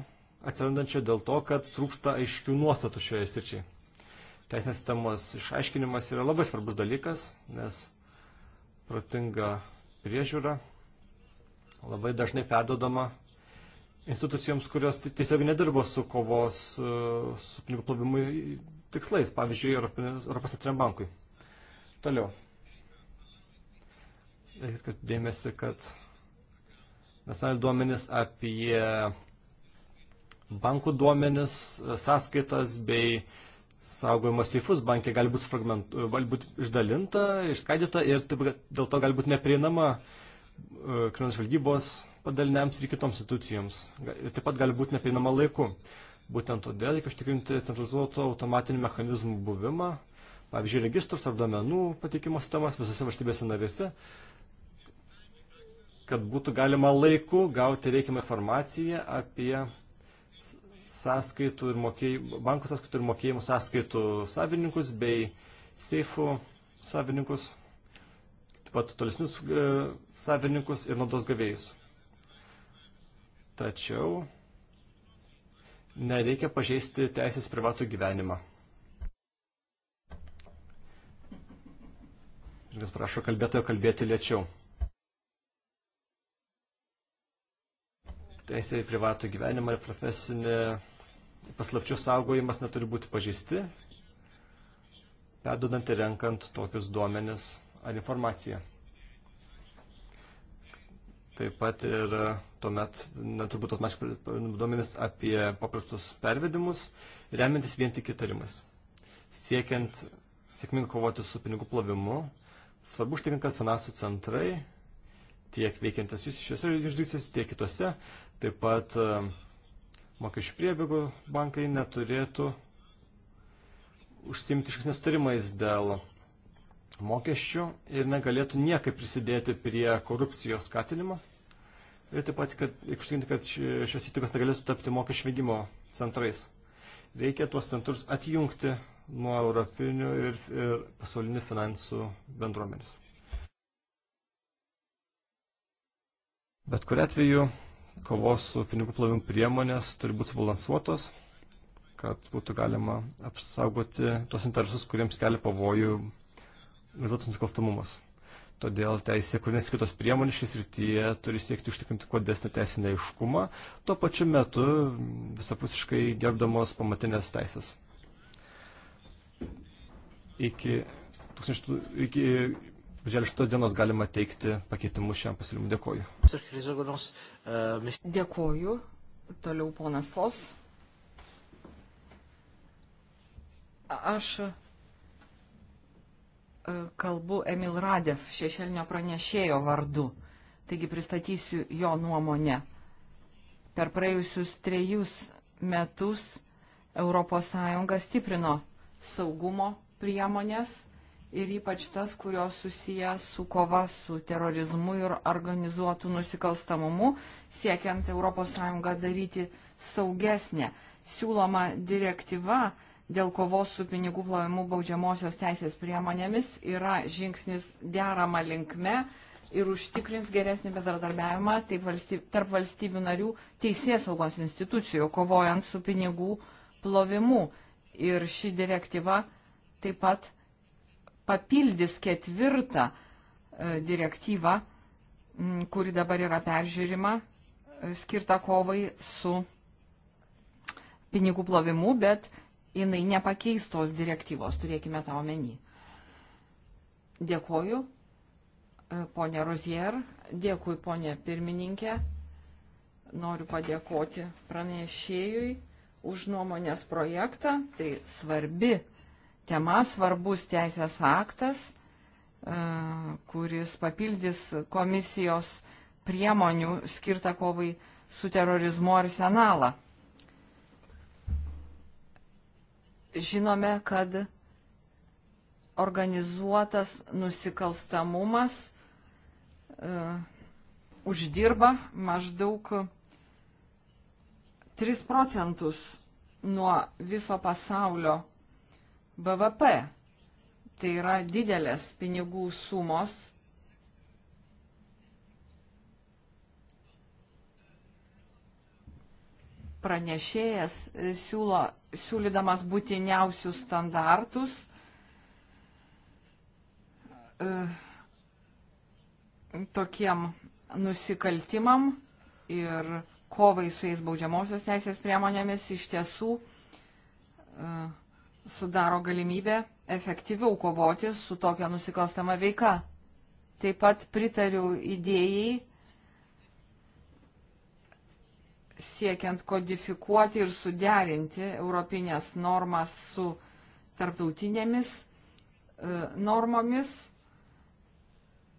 atsirandančio dėl to, kad trūksta aiškių nuostatų šioje sričiai. Teisinės sistemos išaiškinimas yra labai svarbus dalykas, nes protinga priežiūra labai dažnai perdodama institucijoms, kurios tiesiog nedirbo su kovos e, su pinigų plovimu tikslais, pavyzdžiui, Europos Centriniam bankui. Toliau. Reikia atkreipti dėmesį, kad nacionaliniai duomenys apie bankų duomenis, sąskaitas bei saugojimo seifus bankė gali būti, fragment, gali būti išdalinta, išskaidyta ir taip, dėl to gali būti neprieinama e, kriminalės valdybos padaliniams ir kitoms institucijoms. Taip pat gali būti neprieinama laiku. Būtent todėl reikia užtikrinti centralizuotų automatinių mechanizmų buvimą, pavyzdžiui, registrus ar domenų patikimo sistemas visose valstybėse narėse, kad būtų galima laiku gauti reikiamą informaciją apie sąskaitų ir mokėjimų, bankų sąskaitų ir mokėjimų sąskaitų savininkus bei seifų savininkus, taip pat tolesnius e, savininkus ir naudos gavėjus. Tačiau nereikia pažeisti teisės privatų gyvenimą. Žinkas prašo kalbėtojo kalbėti lėčiau. Teisė į privatų gyvenimą ir profesinė paslapčių saugojimas neturi būti pažeisti, perdodant ir renkant tokius duomenis ar informaciją. Taip pat ir e, tuomet neturbūt automatiškai duomenis apie paprastus pervedimus, remiantis vien tik įtarimais. Siekiant sėkmingai kovoti su pinigų plovimu, svarbu užtikrinti, kad finansų centrai, tiek veikiantis jūs šiose jurisdikcijose, tiek kitose, taip pat e, mokesčių priebėgų bankai neturėtų užsimti iškasnės tarimais dėl mokesčių ir negalėtų niekaip prisidėti prie korupcijos skatinimo. Ir taip pat, kad užtikrinti, kad šios įstaigos negalėtų tapti mokesčių vengimo centrais. Reikia tuos centrus atjungti nuo europinių ir, ir pasaulinių finansų bendruomenės. Bet kuriu atveju kovos su pinigų plovimu priemonės turi būti subalansuotos, kad būtų galima apsaugoti tuos interesus, kuriems kelia pavojų organizuotas nusikalstamumas. Todėl teisė, kur neskitos priemonės šis rytyje turi siekti užtikrinti kuo desnį teisinę aiškumą, tuo pačiu metu visapusiškai gerbdamos pamatinės teisės. Iki, 2000, iki birželio šitos dienos galima teikti pakeitimus šiam pasiūlymui. Dėkoju. Dėkoju. Toliau ponas Fos. Aš E, kalbu Emil Radev, šešėlinio pranešėjo vardu. Taigi pristatysiu jo nuomonę. Per praėjusius trejus metus ES stiprino saugumo priemonės ir ypač tas, kurios susiję su kova su terorizmu ir organizuotų nusikalstamumu, siekiant ES daryti saugesnę. Siūloma direktyva dėl kovos su pinigų plovimu baudžiamosios teisės priemonėmis yra žingsnis derama linkme ir užtikrins geresnį bendradarbiavimą valstyb, tarp valstybių narių teisės saugos institucijų, kovojant su pinigų plovimu. Ir ši direktyva taip pat papildys ketvirtą e, direktyvą, kuri dabar yra peržiūrima, e, skirta kovai su pinigų plovimu, bet jinai nepakeis tos direktyvos, turėkime tą omeny. Dėkoju, e, ponė Rozier, dėkui, ponė pirmininkė. Noriu padėkoti pranešėjui už nuomonės projektą. Tai svarbi tema, svarbus teisės aktas, e, kuris papildys komisijos priemonių skirtą kovai su terorizmu arsenalą. žinome, kad organizuotas nusikalstamumas e, uždirba maždaug 3 procentus nuo viso pasaulio BVP. Tai yra didelės pinigų sumos pranešėjas e, siūlo, siūlydamas būtiniausius standartus, e, tokiem nusikaltimam ir kovai su jais baudžiamosios teisės priemonėmis iš tiesų e, sudaro galimybę efektyviau kovoti su tokia nusikalstama veika. Taip pat pritariu idėjai, siekiant kodifikuoti ir suderinti europinės normas su tarptautinėmis e, normomis.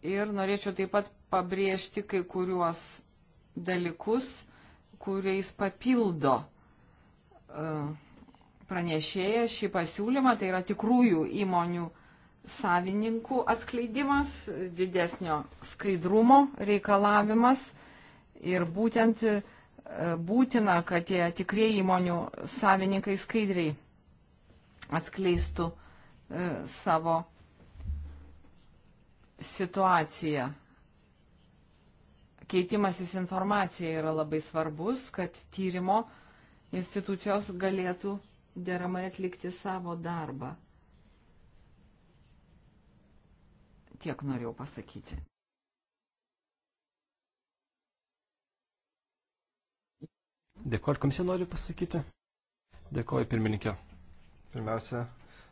Ir norėčiau taip pat pabrėžti kai kuriuos dalykus, kuriais papildo e, pranešėja šį pasiūlymą, tai yra tikrųjų įmonių savininkų atskleidimas, didesnio skaidrumo reikalavimas ir būtent būtina, kad tie tikrieji įmonių savininkai skaidriai atskleistų e, savo situaciją. Keitimasis informacija yra labai svarbus, kad tyrimo institucijos galėtų deramai atlikti savo darbą. Tiek norėjau pasakyti. Dėkuoju, ar komisija nori pasakyti? Dėkuoju, pirmininkė. Pirmiausia,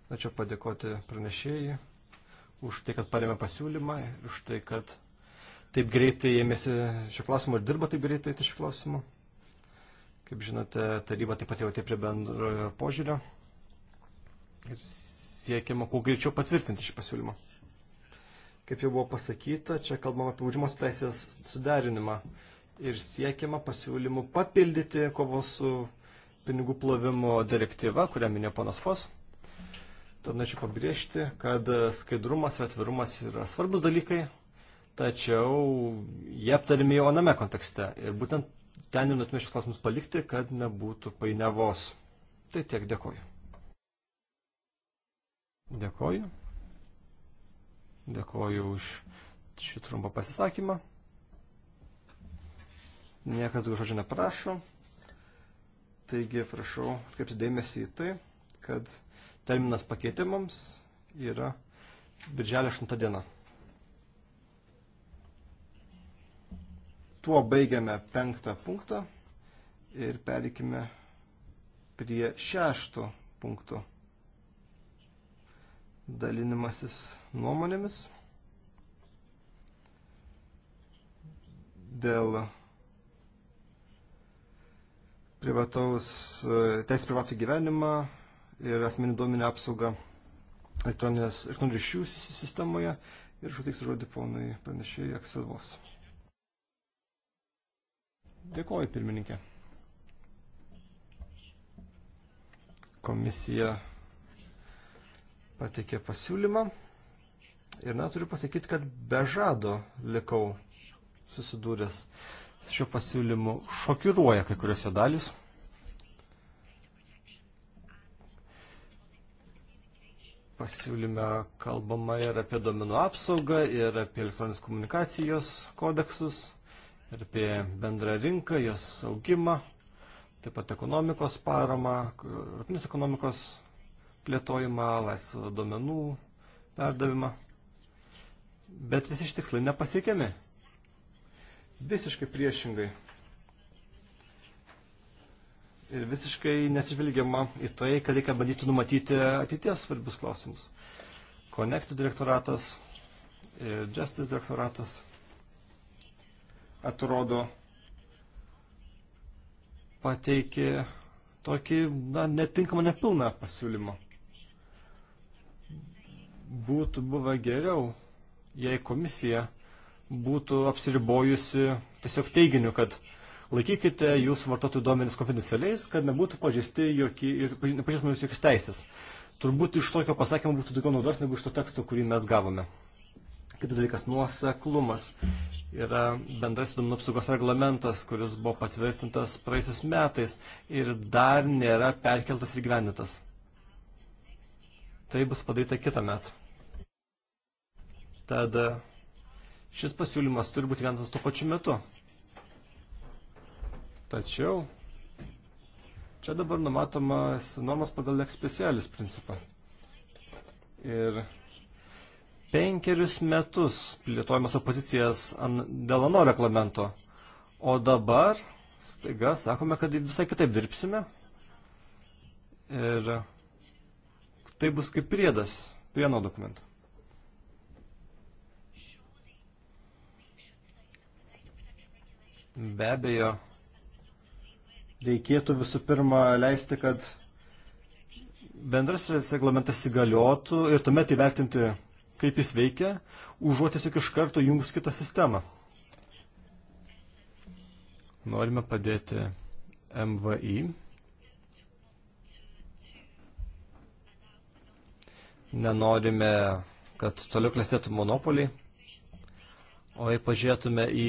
norėčiau padėkoti pranešėjai už tai, kad paremė pasiūlymą ir už tai, kad taip greitai ėmėsi šio klausimo ir dirba taip greitai tai šio klausimu. Kaip žinote, taryba taip pat jau taip prie bendrojo požiūrio ir siekiama kuo greičiau patvirtinti šį pasiūlymą. Kaip jau buvo pasakyta, čia kalbama apie baudžiamos teisės suderinimą ir siekiama pasiūlymų papildyti kovos su pinigų plovimo direktyva, kurią minėjo panas Fos. Tad norėčiau pabrėžti, kad skaidrumas ir atvirumas yra svarbus dalykai, tačiau jie aptarimi jau aname kontekste. Ir būtent ten ir norėtume šios klausimus palikti, kad nebūtų painiavos. Tai tiek dėkoju. Dėkoju. Dėkoju už šį trumpą pasisakymą. Niekas daugiau žodžio neprašo. Taigi, prašau, atkreipsiu dėmesį į tai, kad terminas pakeitimams yra birželio 8 diena. Tuo baigiame penktą punktą ir perikime prie šešto punkto. Dalinimasis nuomonėmis dėl privataus, e, teisės privatų gyvenimą ir asmenį duomenį apsaugą elektroninės elektroninių ryšių sistemoje. Ir aš suteiksiu žodį ponui pranešėjai Akselvos. Dėkoju, pirmininkė. Komisija pateikė pasiūlymą. Ir na, turiu pasakyti, kad be žado likau susidūręs. Uh, šio pasiūlymu šokiruoja kai kurios jo dalis. Pasiūlyme kalbama ir apie domenų apsaugą, ir apie elektroninės komunikacijos kodeksus, ir apie bendrą rinką, jos augimą, taip pat ekonomikos paramą, europinės ekonomikos plėtojimą, laisvą domenų perdavimą. Bet visi šie tikslai nepasiekiami. Visiškai priešingai. Ir visiškai neatsižvelgiama į tai, kad reikia bandyti numatyti ateities svarbius klausimus. Connect direktoratas ir Justice direktoratas atrodo pateikė tokį na, netinkamą, nepilną pasiūlymą. Būtų buvę geriau, jei komisija būtų apsiribojusi tiesiog teiginiu, kad laikykite jūsų vartotojų duomenis konfidencialiais, kad nebūtų pažįsti nepažįstamos jokios teisės. Turbūt iš tokio pasakymo būtų daugiau naudos negu iš to teksto, kurį mes gavome. Kitas dalykas - nuoseklumas. Yra bendras duomenų apsaugos reglamentas, kuris buvo patvirtintas praeisis metais ir dar nėra perkeltas ir gyvendintas. Tai bus padaryta kitą metą. Tad Šis pasiūlymas turi būti vienas tuo pačiu metu. Tačiau čia dabar numatomas normas pagal ekspecialis principą. Ir penkerius metus plėtojamas opozicijas dėl ano reglamento. O dabar staiga sakome, kad visai kitaip dirbsime. Ir tai bus kaip priedas prie nuo dokumentų. Be abejo, reikėtų visų pirma leisti, kad bendras reglamentas įgaliotų ir tuomet įvertinti, kaip jis veikia, užuot tiesiog iš karto jungus kitą sistemą. Norime padėti MVI. Nenorime, kad toliau klestėtų monopoliai. O jei pažiūrėtume į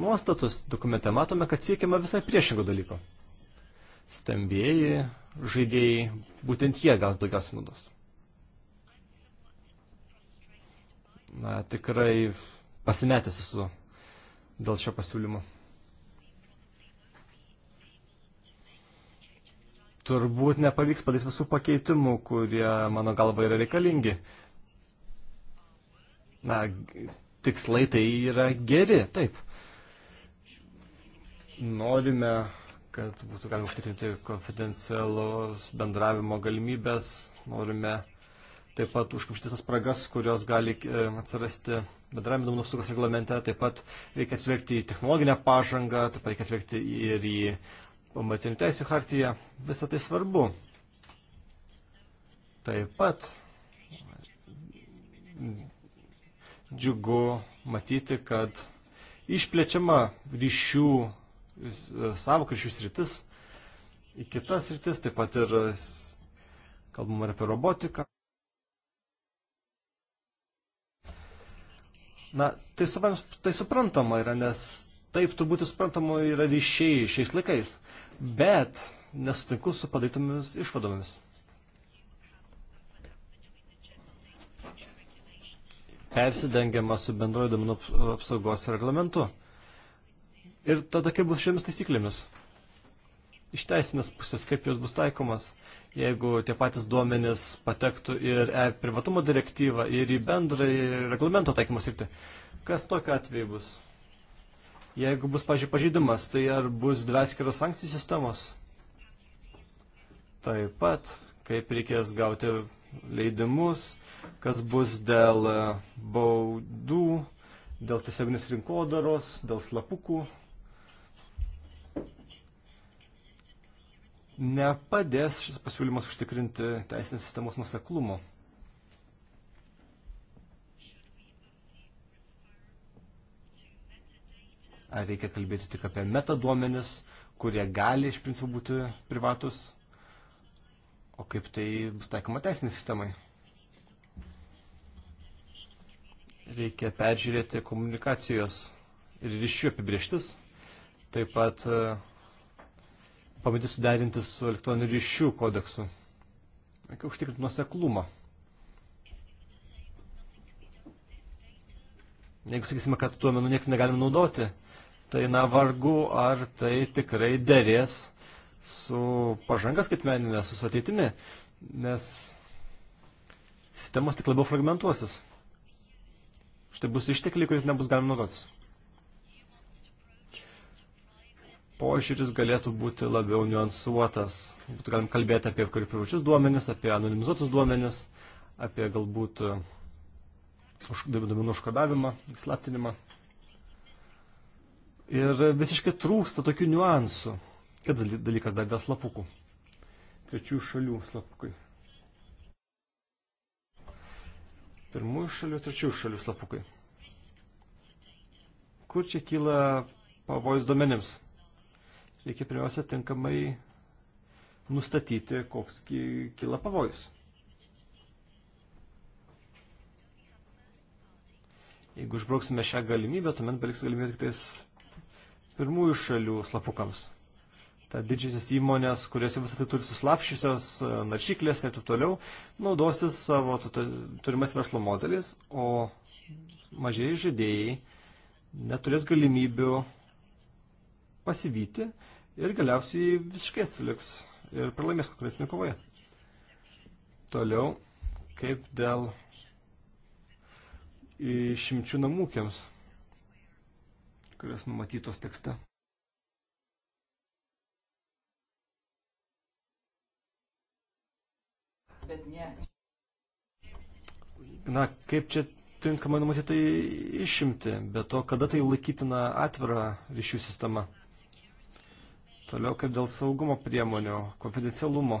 nuostatus dokumente, matome, kad siekiama visai priešingo dalyko. Stambėjai žaidėjai, būtent jie gaus daugiausiai naudos. Na, tikrai pasimetęs esu dėl šio pasiūlymo. Turbūt nepavyks padaryti visų pakeitimų, kurie mano galva yra reikalingi. Na, tikslai tai yra geri, taip. Norime, kad būtų galima užtikrinti konfidencialos bendravimo galimybės, norime taip pat užkamšti tas spragas, kurios gali e, atsirasti bendravimo duomenų apsaugos reglamente, taip pat reikia atsvegti į technologinę pažangą, taip pat reikia atsvegti ir į pamatinių teisų hartiją, visą tai svarbu. Taip pat džiugu matyti, kad išplečiama ryšių savok ryšių sritis į kitas sritis, taip pat ir kalbam ir apie robotiką. Na, tai, savai, tai suprantama yra, nes taip turbūt suprantama yra ryšiai šiais laikais, bet nesutinku su padarytomis išvadomis. persidengiama su bendroju duomenų apsaugos reglamentu. Ir tada kaip bus šiomis taisyklėmis? Iš teisinės pusės, kaip jos bus taikomas, jeigu tie patys duomenys patektų ir e privatumo direktyvą, ir į bendrąjį reglamento taikymą sritį. Kas tokia atveju bus? Jeigu bus, pažiūrėjau, pažeidimas, tai ar bus dvi atskiros sankcijų sistemos? Taip pat, kaip reikės gauti leidimus, kas bus dėl e, baudų, dėl tiesioginės rinkodaros, dėl slapukų. Nepadės šis pasiūlymas užtikrinti teisinės sistemos nuseklumo. Ar reikia kalbėti tik apie metaduomenis, kurie gali iš principo būti privatus O kaip tai bus taikoma teisinė sistemai? Reikia peržiūrėti komunikacijos ir ryšių apibrieštis, taip pat e, pamėtis suderinti su elektroniniu ryšių kodeksu. Reikia užtikrinti nuoseklumą. Jeigu sakysime, kad duomenų niekaip negalime naudoti, tai na vargu, ar tai tikrai dėrės su pažangas kaip meninė, su ateitimi, nes sistemos tik labiau fragmentuosis. Štai bus ištekliai, kuris nebus galima naudotis. Požiūris galėtų būti labiau niuansuotas. Būtų galim kalbėti apie privačius duomenis, apie anonimizuotus duomenis, apie galbūt e, už, duomenų užkodavimą, slaptinimą. Ir visiškai trūksta tokių niuansų. Kitas dalykas dar dėl slapukų. Trečių šalių slapukai. Pirmųjų šalių, trečių šalių slapukai. Kur čia kyla pavojus duomenims? Reikia pirmiausia tinkamai nustatyti, koks kyla pavojus. Jeigu išbrauksime šią galimybę, tuomet beliks galimybė tik tais pirmųjų šalių slapukams ta didžiasis įmonės, kurios visą tai turi suslapšysios, e, naršyklės ir taip toliau, naudosis savo turimas verslo modelis, o mažieji žaidėjai neturės galimybių pasivyti ir galiausiai visiškai atsiliks ir pralaimės konkurencinėje kovoje. Toliau, kaip dėl išimčių namūkiams, kurios numatytos tekste. kad ne. Na, kaip čia tinkamai numatyti išimti, bet to kada tai laikytina atvira ryšių sistema. Toliau kaip dėl saugumo priemonių, konfidencialumo.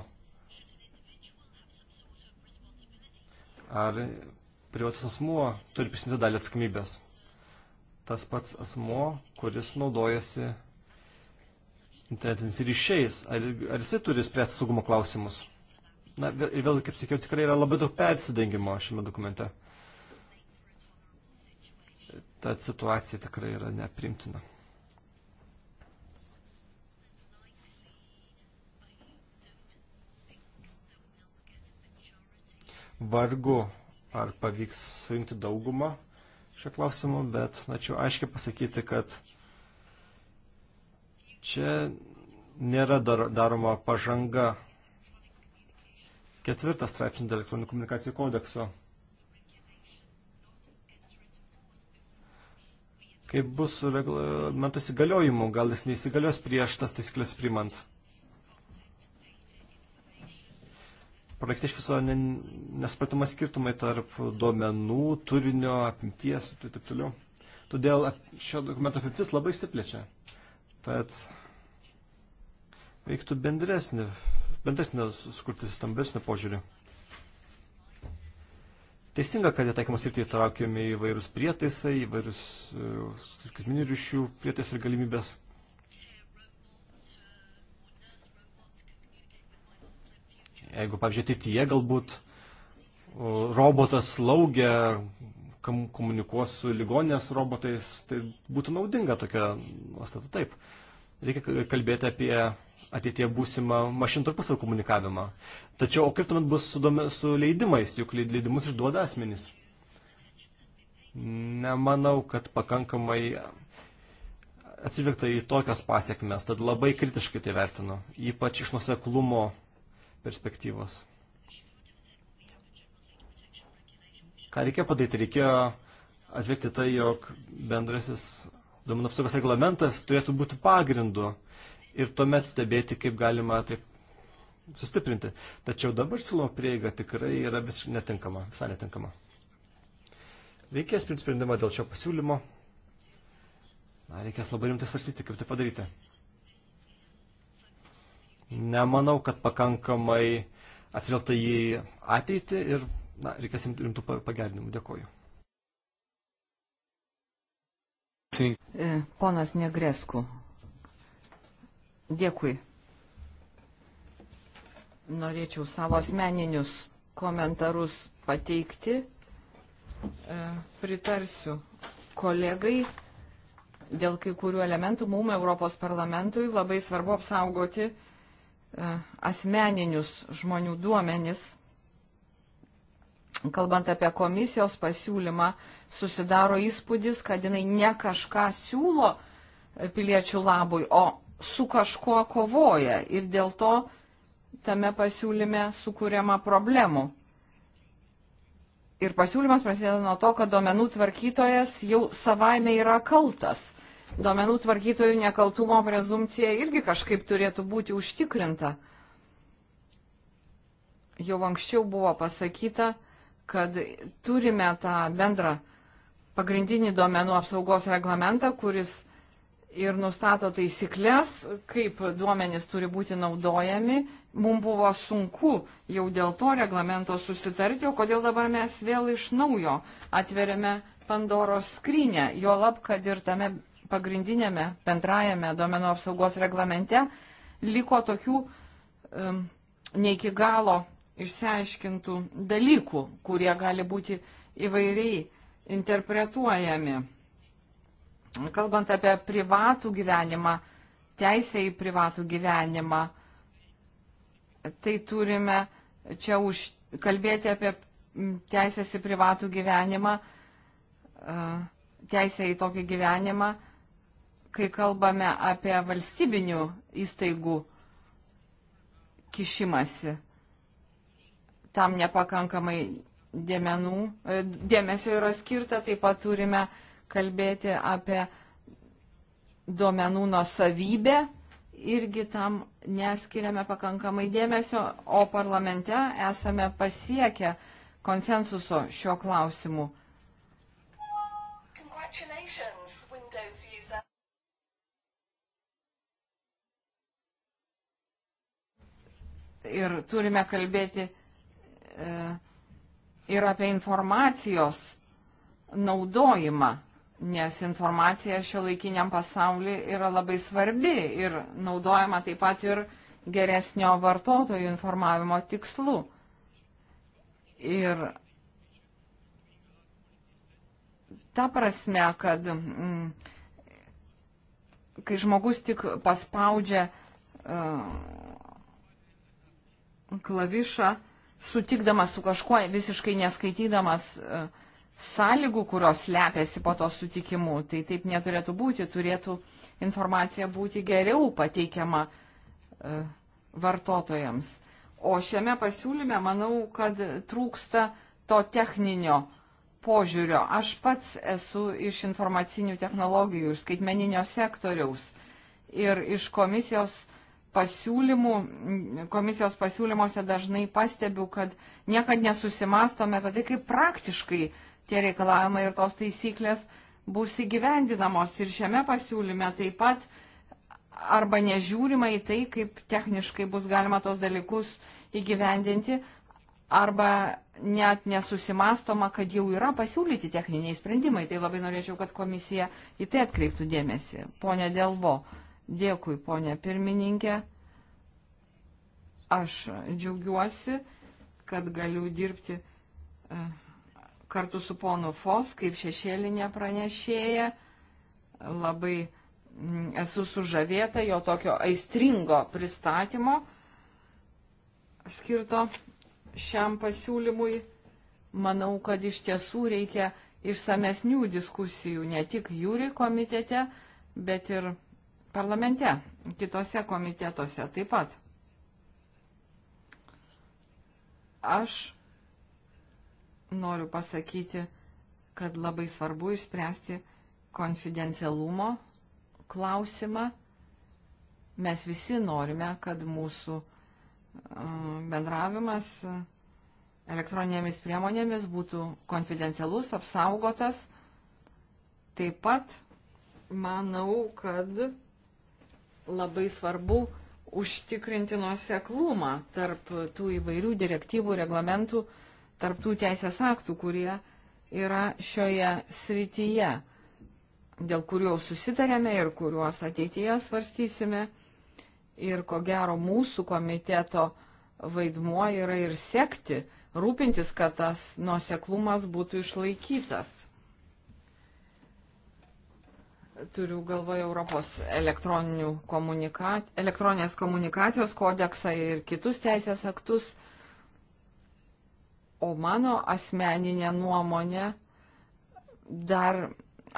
Ar privatus asmuo turi prisimti dalį atsakomybės? Tas pats asmuo, kuris naudojasi internetiniais ryšiais, ar, ar jisai turi spręsti saugumo klausimus? Na ir vėl, kaip sakiau, tikrai yra labai daug persidengimo šiame dokumente. Ta situacija tikrai yra neprimtina. Vargu, ar pavyks surinkti daugumą šio klausimu, bet načiau aiškiai pasakyti, kad čia nėra dar, daroma pažanga ketvirtas straipsnis dėl elektroninių komunikacijų kodekso. Kaip bus su reglamento įsigaliojimu, gal jis neįsigalios prieš tas taisyklės primant. Projekte iš viso nesupratimo skirtumai tarp duomenų, turinio, apimties ir taip toliau. Todėl šio dokumento apimtis labai išsiplečia. Tad reiktų bendresnį bendresnį, sukurti stambesnį požiūrį. Teisinga, kad į taikymą sritį įtraukiami įvairūs prietaisai, įvairūs e, skaitminių ryšių prietaisai ir galimybės. Jeigu, pavyzdžiui, ateityje galbūt robotas slaugė, kam komunikuos su ligoninės robotais, tai būtų naudinga tokia nuostata taip. Reikia kalbėti apie ateitie būsimą mašinų tarpusavio komunikavimą. Tačiau, o kaip tuomet bus su, dome, su leidimais, juk leidimus išduoda asmenys? Nemanau, kad pakankamai atsižvelgta į tokias pasiekmes, tad labai kritiškai tai vertinu, ypač iš nuseklumo perspektyvos. Ką reikėjo padaryti? Reikėjo atsvegti tai, jog bendrasis duomenų apsaugos reglamentas turėtų būti pagrindu ir tuomet stebėti, kaip galima taip sustiprinti. Tačiau dabar siūloma prieiga tikrai yra visiškai netinkama, visai netinkama. Reikės priimti sprendimą dėl šio pasiūlymo. Na, reikės labai rimtai svarstyti, kaip tai padaryti. Nemanau, kad pakankamai atsirilta į ateitį ir na, reikės rimtų pagerinimų. Dėkoju. E, ponas Negresku, Dėkui. Norėčiau savo asmeninius komentarus pateikti. E, pritarsiu kolegai. Dėl kai kurių elementų mums Europos parlamentui labai svarbu apsaugoti e, asmeninius žmonių duomenis. Kalbant apie komisijos pasiūlymą, susidaro įspūdis, kad jinai ne kažką siūlo piliečių labui, o su kažkuo kovoja ir dėl to tame pasiūlyme sukūriama problemų. Ir pasiūlymas prasideda nuo to, kad duomenų tvarkytojas jau savaime yra kaltas. Duomenų tvarkytojų nekaltumo prezumcija irgi kažkaip turėtų būti užtikrinta. Jau anksčiau buvo pasakyta, kad turime tą bendrą pagrindinį duomenų apsaugos reglamentą, kuris ir nustato taisyklės, kaip duomenys turi būti naudojami. Mums buvo sunku jau dėl to reglamento susitarti, o kodėl dabar mes vėl iš naujo atveriame Pandoros skrinę, jo lab, kad ir tame pagrindinėme bendrajame duomenų apsaugos reglamente liko tokių um, ne iki galo išsiaiškintų dalykų, kurie gali būti įvairiai interpretuojami. Kalbant apie privatų gyvenimą, teisę į privatų gyvenimą, tai turime čia už, kalbėti apie teisės į privatų gyvenimą, e, teisę į tokį gyvenimą, kai kalbame apie valstybinių įstaigų kišimasi. Tam nepakankamai dėmenų, e, dėmesio yra skirta, taip pat turime uh, kalbėti apie duomenų nusavybę, irgi tam neskiriame pakankamai dėmesio, o parlamente esame pasiekę konsensuso šio klausimu. Ir turime kalbėti e, ir apie informacijos naudojimą nes informacija šio laikiniam pasauliu yra labai svarbi ir naudojama taip pat ir geresnio vartotojų informavimo tikslu. Ir ta prasme, kad mm, kai žmogus tik paspaudžia uh, klavišą, sutikdamas su kažkuo, visiškai neskaitydamas uh, sąlygų, kurios slepiasi po to sutikimu. Tai taip neturėtų būti, turėtų informacija būti geriau pateikiama e, vartotojams. O šiame pasiūlyme manau, kad trūksta to techninio požiūrio. Aš pats esu iš informacinių technologijų, iš skaitmeninio sektoriaus ir iš komisijos pasiūlymų, komisijos pasiūlymuose dažnai pastebiu, kad niekad nesusimastome apie tai, kaip praktiškai tie reikalavimai ir tos taisyklės bus įgyvendinamos. Ir šiame pasiūlyme taip pat arba nežiūrima į tai, kaip techniškai bus galima tos dalykus įgyvendinti, arba net nesusimastoma, kad jau yra pasiūlyti techniniai sprendimai. Tai labai norėčiau, kad komisija į tai atkreiptų dėmesį. Pone Delvo, dėkui, ponė pirmininkė. Aš džiaugiuosi, kad galiu dirbti. Uh kartu su ponu Fos, kaip šešėlinė pranešėja. Labai mm, esu sužavėta jo tokio aistringo pristatymo skirto šiam pasiūlymui. Manau, kad iš tiesų reikia išsamesnių diskusijų ne tik jūri komitete, bet ir parlamente, kitose komitetuose taip pat. Aš noriu pasakyti, kad labai svarbu išspręsti konfidencialumo klausimą. Mes visi norime, kad mūsų bendravimas elektroninėmis priemonėmis būtų konfidencialus, apsaugotas. Taip pat manau, kad labai svarbu užtikrinti nuoseklumą tarp tų įvairių direktyvų, reglamentų, uh, tarptų teisės aktų, kurie yra šioje srityje, dėl kurių susitarėme ir kuriuos ateityje svarstysime. Ir ko gero mūsų komiteto vaidmuo yra ir sekti, rūpintis, kad tas nuoseklumas būtų išlaikytas. Turiu galvoje Europos elektroninės komunikacijos kodeksą ir kitus teisės aktus O mano asmeninė nuomonė dar.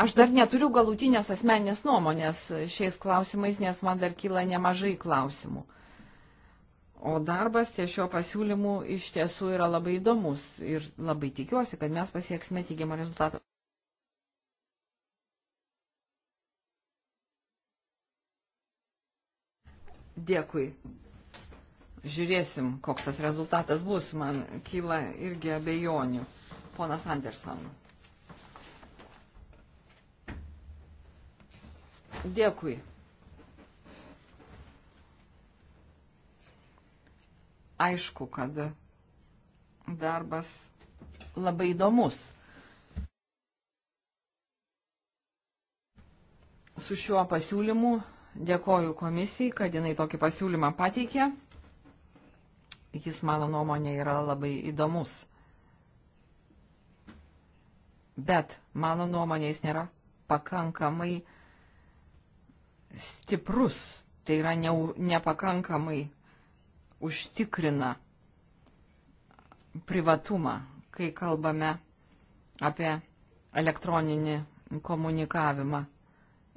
Aš dar neturiu galutinės asmeninės nuomonės šiais klausimais, nes man dar kyla nemažai klausimų. O darbas ties šio pasiūlymu iš tiesų yra labai įdomus ir labai tikiuosi, kad mes pasieksime teigiamą rezultatą. Dėkui žiūrėsim, koks tas rezultatas bus. Man kyla irgi abejonių. Ponas Anderson. Dėkui. Aišku, kad darbas labai įdomus. Su šiuo pasiūlymu dėkoju komisijai, kad jinai tokį pasiūlymą pateikė. Jis, mano nuomonė, yra labai įdomus. Bet, mano nuomonė, jis nėra pakankamai stiprus. Tai yra ne, nepakankamai užtikrina privatumą, kai kalbame apie elektroninį komunikavimą.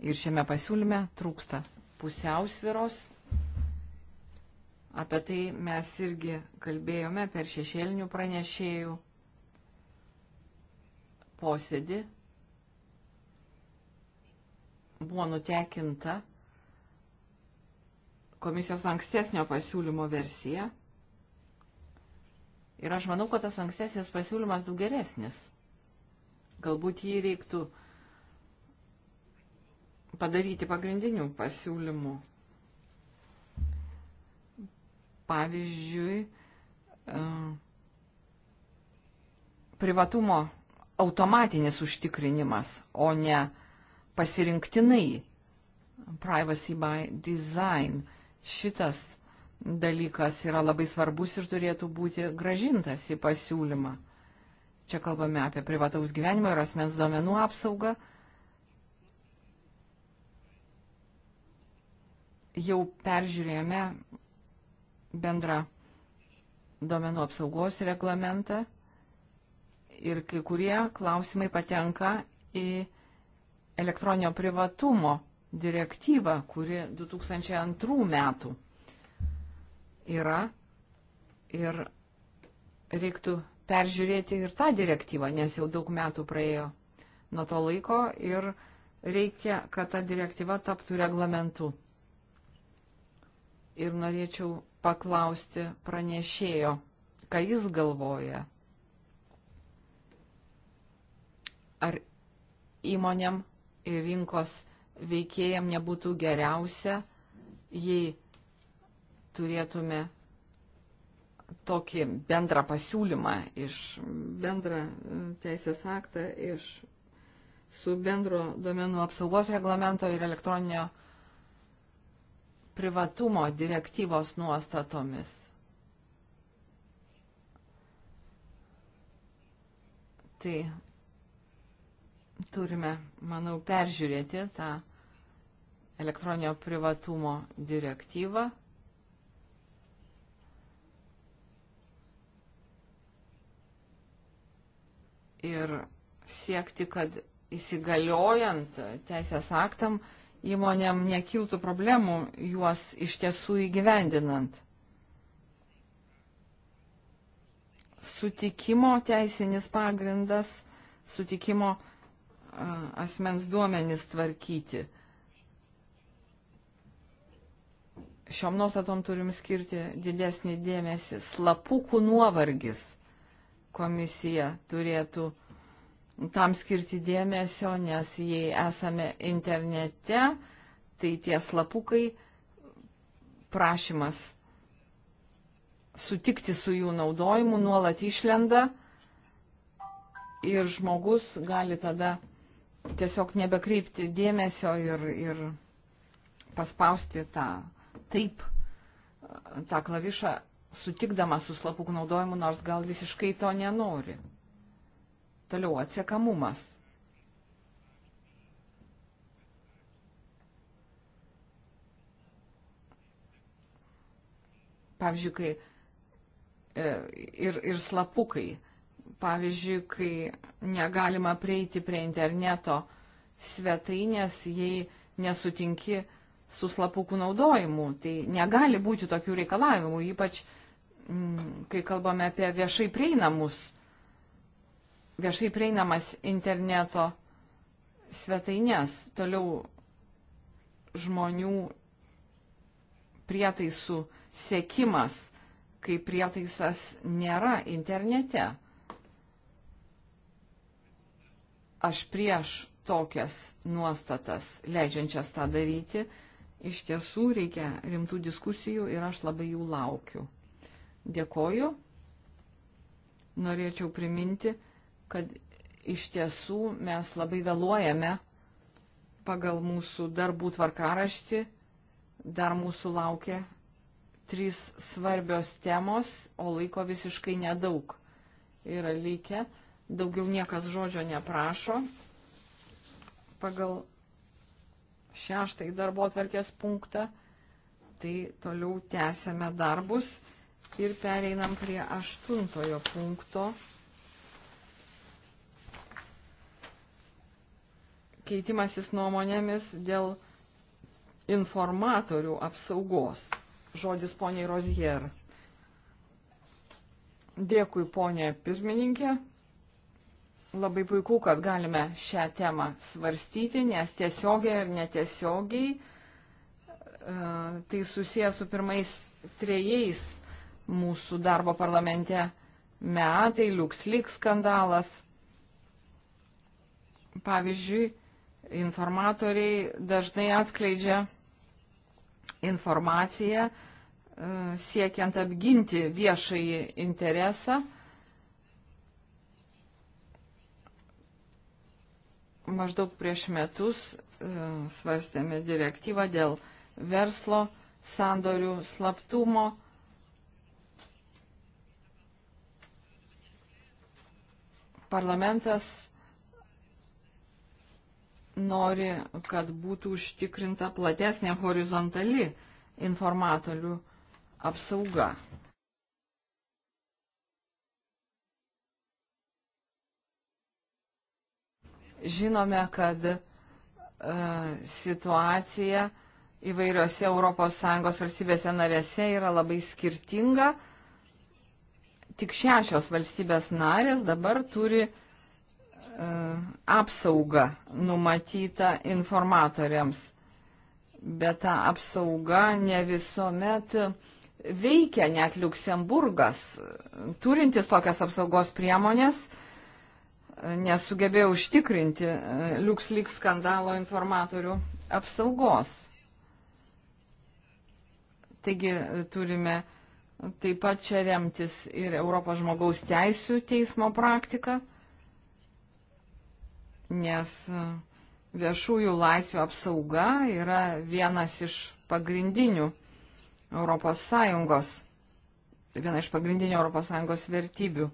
Ir šiame pasiūlyme trūksta pusiausviros Apie tai mes irgi kalbėjome per šešėlinių pranešėjų posėdį. Buvo nutekinta komisijos ankstesnio pasiūlymo versija. Ir aš manau, kad tas ankstesnis pasiūlymas daug geresnis. Galbūt jį reiktų padaryti pagrindinių pasiūlymų Pavyzdžiui, e, privatumo automatinis užtikrinimas, o ne pasirinktinai privacy by design. Šitas dalykas yra labai svarbus ir turėtų būti gražintas į pasiūlymą. Čia kalbame apie privataus gyvenimo ir asmens duomenų apsaugą. Jau peržiūrėjome bendrą duomenų apsaugos reglamentą ir kai kurie klausimai patenka į elektroninio privatumo direktyvą, kuri 2002 metų yra ir reiktų peržiūrėti ir tą direktyvą, nes jau daug metų praėjo nuo to laiko ir reikia, kad ta direktyva taptų reglamentu. Ir norėčiau paklausti pranešėjo, ką jis galvoja. Ar įmonėm ir rinkos veikėjam nebūtų geriausia, jei turėtume tokį bendrą pasiūlymą iš bendrą e, teisės aktą, iš su bendro domenų apsaugos reglamento ir elektroninio privatumo direktyvos nuostatomis. Tai turime, manau, peržiūrėti tą elektroninio privatumo direktyvą. Ir siekti, kad įsigaliojant teisės aktam, įmonėm nekiltų problemų juos iš tiesų įgyvendinant. Sutikimo teisinis pagrindas, sutikimo asmens duomenys tvarkyti. Šiom nuostatom turim skirti didesnį dėmesį. Slapukų nuovargis komisija turėtų tam skirti dėmesio, nes jei esame internete, tai tie slapukai prašymas sutikti su jų naudojimu nuolat išlenda ir žmogus gali tada tiesiog nebekreipti dėmesio ir, ir paspausti tą taip, tą klavišą, sutikdama su slapukų naudojimu, nors gal visiškai to nenori. Toliau atsiekamumas. Pavyzdžiui, kai e, ir, ir slapukai. Pavyzdžiui, kai negalima prieiti prie interneto svetainės, jei nesutinki su slapukų naudojimu. Tai negali būti tokių reikalavimų, ypač mm, kai kalbame apie viešai prieinamus viešai prieinamas interneto svetainės, toliau žmonių prietaisų sėkimas, kai prietaisas nėra internete. Aš prieš tokias nuostatas, leidžiančias tą daryti, iš tiesų reikia rimtų diskusijų ir aš labai jų laukiu. Dėkoju. Norėčiau priminti, kad iš tiesų mes labai vėluojame pagal mūsų darbų tvarkaraštį. Dar mūsų laukia trys svarbios temos, o laiko visiškai nedaug yra likę. Daugiau niekas žodžio neprašo. Pagal šeštąjį darbo atverkės punktą. Tai toliau tęsiame darbus ir pereinam prie aštuntojo punkto. keitimasis nuomonėmis dėl informatorių apsaugos. Žodis poniai Rozier. Dėkui, ponė pirmininkė. Labai puiku, kad galime šią temą svarstyti, nes tiesiogiai ir netiesiogiai e, tai susijęs su pirmais trejais mūsų darbo parlamente metai, liukslik skandalas. Pavyzdžiui, informatoriai dažnai atskleidžia informaciją e, siekiant apginti viešąjį interesą. Maždaug prieš metus e, svarstėme direktyvą dėl verslo sandorių slaptumo. Parlamentas nori, kad būtų užtikrinta platesnė horizontali informatorių apsauga. Žinome, kad e, situacija įvairiose ES valstybėse narėse yra labai skirtinga. Tik šešios valstybės narės dabar turi e, E, apsauga numatyta informatoriams, bet ta apsauga ne visuomet veikia net Luksemburgas, turintis tokias apsaugos priemonės, nesugebėjo užtikrinti e, LuxLeak skandalo informatorių apsaugos. Taigi e, turime taip pat čia remtis ir Europos žmogaus teisų teismo praktiką nes e, viešųjų laisvių apsauga yra vienas iš pagrindinių ES, viena iš pagrindinių ES vertybių.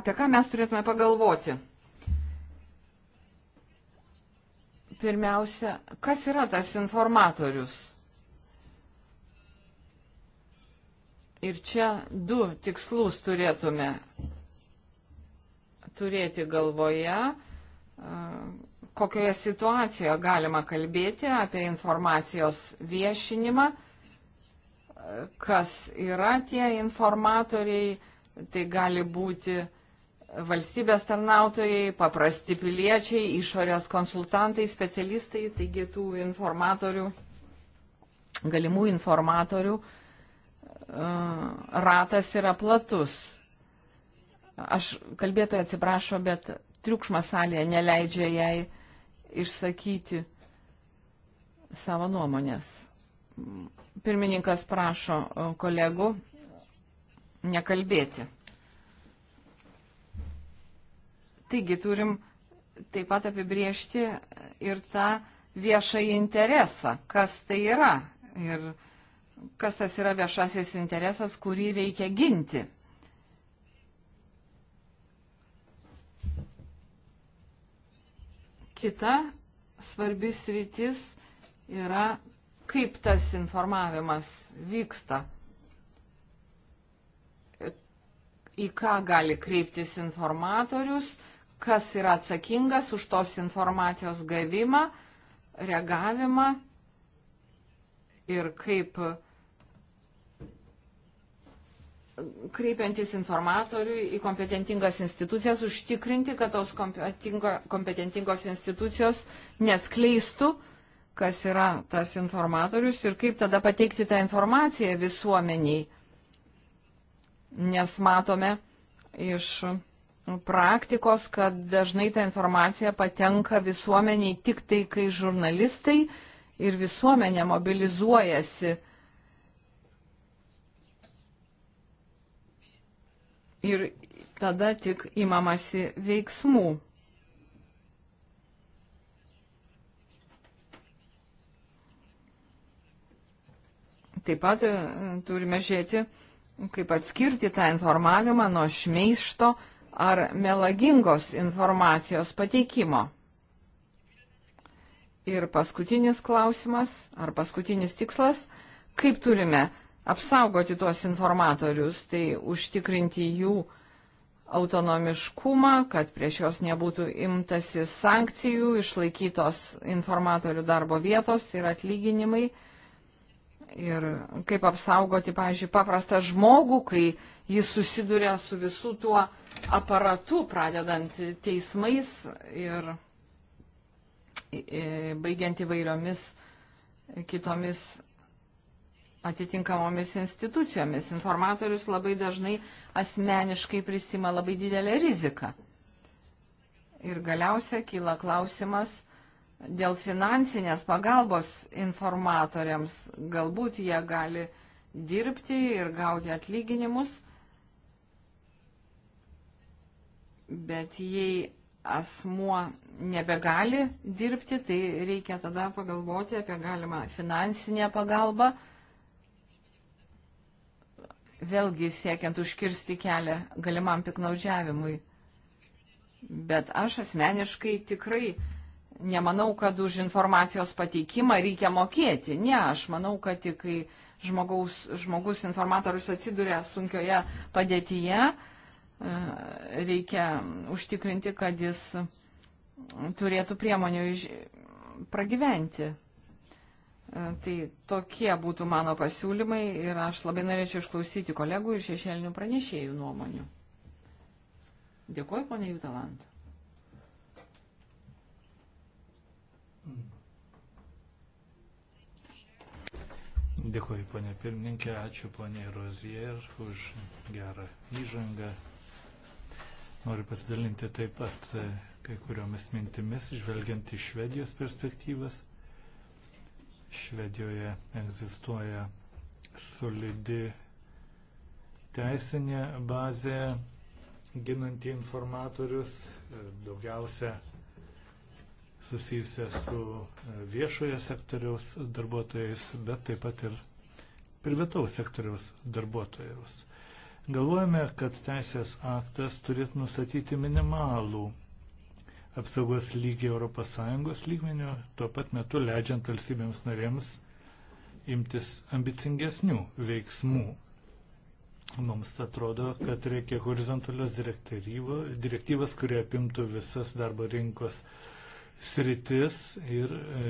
Apie ką mes turėtume pagalvoti? Pirmiausia, kas yra tas informatorius? Ir čia du tikslus turėtume turėti galvoje, kokioje situacijoje galima kalbėti apie informacijos viešinimą, kas yra tie informatoriai, tai gali būti valstybės tarnautojai, paprasti piliečiai, išorės konsultantai, specialistai, taigi tų informatorių, galimų informatorių ratas yra platus. Aš kalbėtoja atsiprašo, bet triukšmas salėje neleidžia jai išsakyti savo nuomonės. Pirmininkas prašo e, kolegų nekalbėti. Taigi turim taip pat apibriežti ir tą viešą interesą, kas tai yra ir kas tas yra viešasis interesas, kurį reikia ginti. Kita svarbi sritis yra, kaip tas informavimas vyksta, į ką gali kreiptis informatorius, kas yra atsakingas už tos informacijos gavimą, reagavimą ir kaip uh, kreipiantis informatoriui į kompetentingas institucijas, užtikrinti, kad tos kompetentingos institucijos neatskleistų, kas yra tas informatorius ir kaip tada pateikti tą informaciją visuomeniai. Nes matome iš praktikos, kad dažnai ta informacija patenka visuomeniai tik tai, kai žurnalistai ir visuomenė mobilizuojasi ir tada tik imamasi veiksmų. Taip pat e, turime žiūrėti, kaip atskirti tą informavimą nuo šmeišto ar melagingos informacijos pateikimo. Ir paskutinis klausimas, ar paskutinis tikslas, kaip turime apsaugoti tuos informatorius, tai užtikrinti jų autonomiškumą, kad prieš jos nebūtų imtasi sankcijų, išlaikytos informatorių darbo vietos ir atlyginimai. Ir kaip apsaugoti, pažiūrėjau, paprastą žmogų, kai jis susiduria su visu tuo aparatu, pradedant teismais ir e, e, baigiant įvairiomis kitomis atitinkamomis institucijomis. Informatorius labai dažnai asmeniškai prisima labai didelę riziką. Ir galiausia kyla klausimas dėl finansinės pagalbos informatoriams. Galbūt jie gali dirbti ir gauti atlyginimus, bet jei asmuo nebegali dirbti, tai reikia tada pagalvoti apie galimą finansinę pagalbą vėlgi siekiant užkirsti kelią galimam piknaudžiavimui. Bet aš asmeniškai tikrai nemanau, kad už informacijos pateikimą reikia mokėti. Ne, aš manau, kad tik kai žmogaus, žmogus informatorius atsiduria sunkioje padėtyje, e, reikia užtikrinti, kad jis turėtų priemonių iš, pragyventi. E, tai tokie būtų mano pasiūlymai ir aš labai norėčiau išklausyti kolegų ir šešėlinių pranešėjų nuomonių. Dėkuoju, ponė Jutalant. Dėkuoju, ponė pirmininkė, ačiū ponė Rozier už gerą įžangą. Noriu pasidalinti taip pat e, kai kuriomis mintimis, žvelgiant iš Švedijos perspektyvas. Švedijoje egzistuoja solidi teisinė bazė ginanti informatorius, daugiausia susijusia su e, viešojo sektoriaus darbuotojais, bet taip pat ir privataus sektoriaus darbuotojus. Galvojame, kad teisės aktas turėtų nustatyti minimalų apsaugos lygį ES lygmenių, tuo pat metu leidžiant valstybėms narėms imtis ambicingesnių veiksmų. Mums atrodo, kad reikia horizontalios direktyvas, kurie apimtų visas darbo rinkos sritis ir e,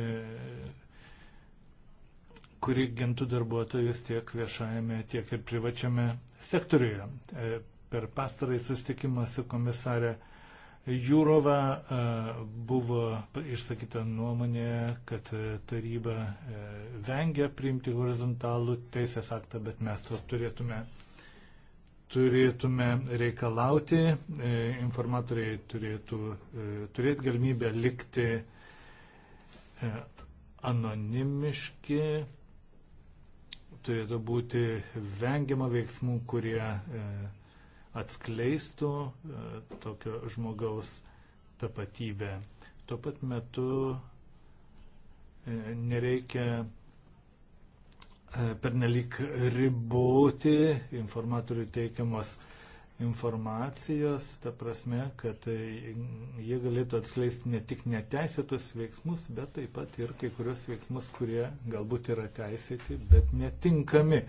kuri gintų darbuotojus tiek viešajame, tiek ir privačiame sektoriuje. E, per pastarąjį sustikimą su komisarė e, Jūrova e, buvo išsakyta nuomonė, kad taryba e, vengia priimti horizontalų teisės aktą, bet mes to turėtume, turėtume reikalauti. E, informatoriai turėtų turėti galimybę likti anonimiški, turėtų būti vengiama veiksmų, kurie atskleistų e, tokio žmogaus tapatybę. Tuo pat metu e, nereikia e, pernelik riboti informatorių teikiamas informacijos, ta prasme, kad jie galėtų atskleisti ne tik neteisėtus veiksmus, bet taip pat ir kai kurios veiksmus, kurie galbūt yra teisėti, bet netinkami.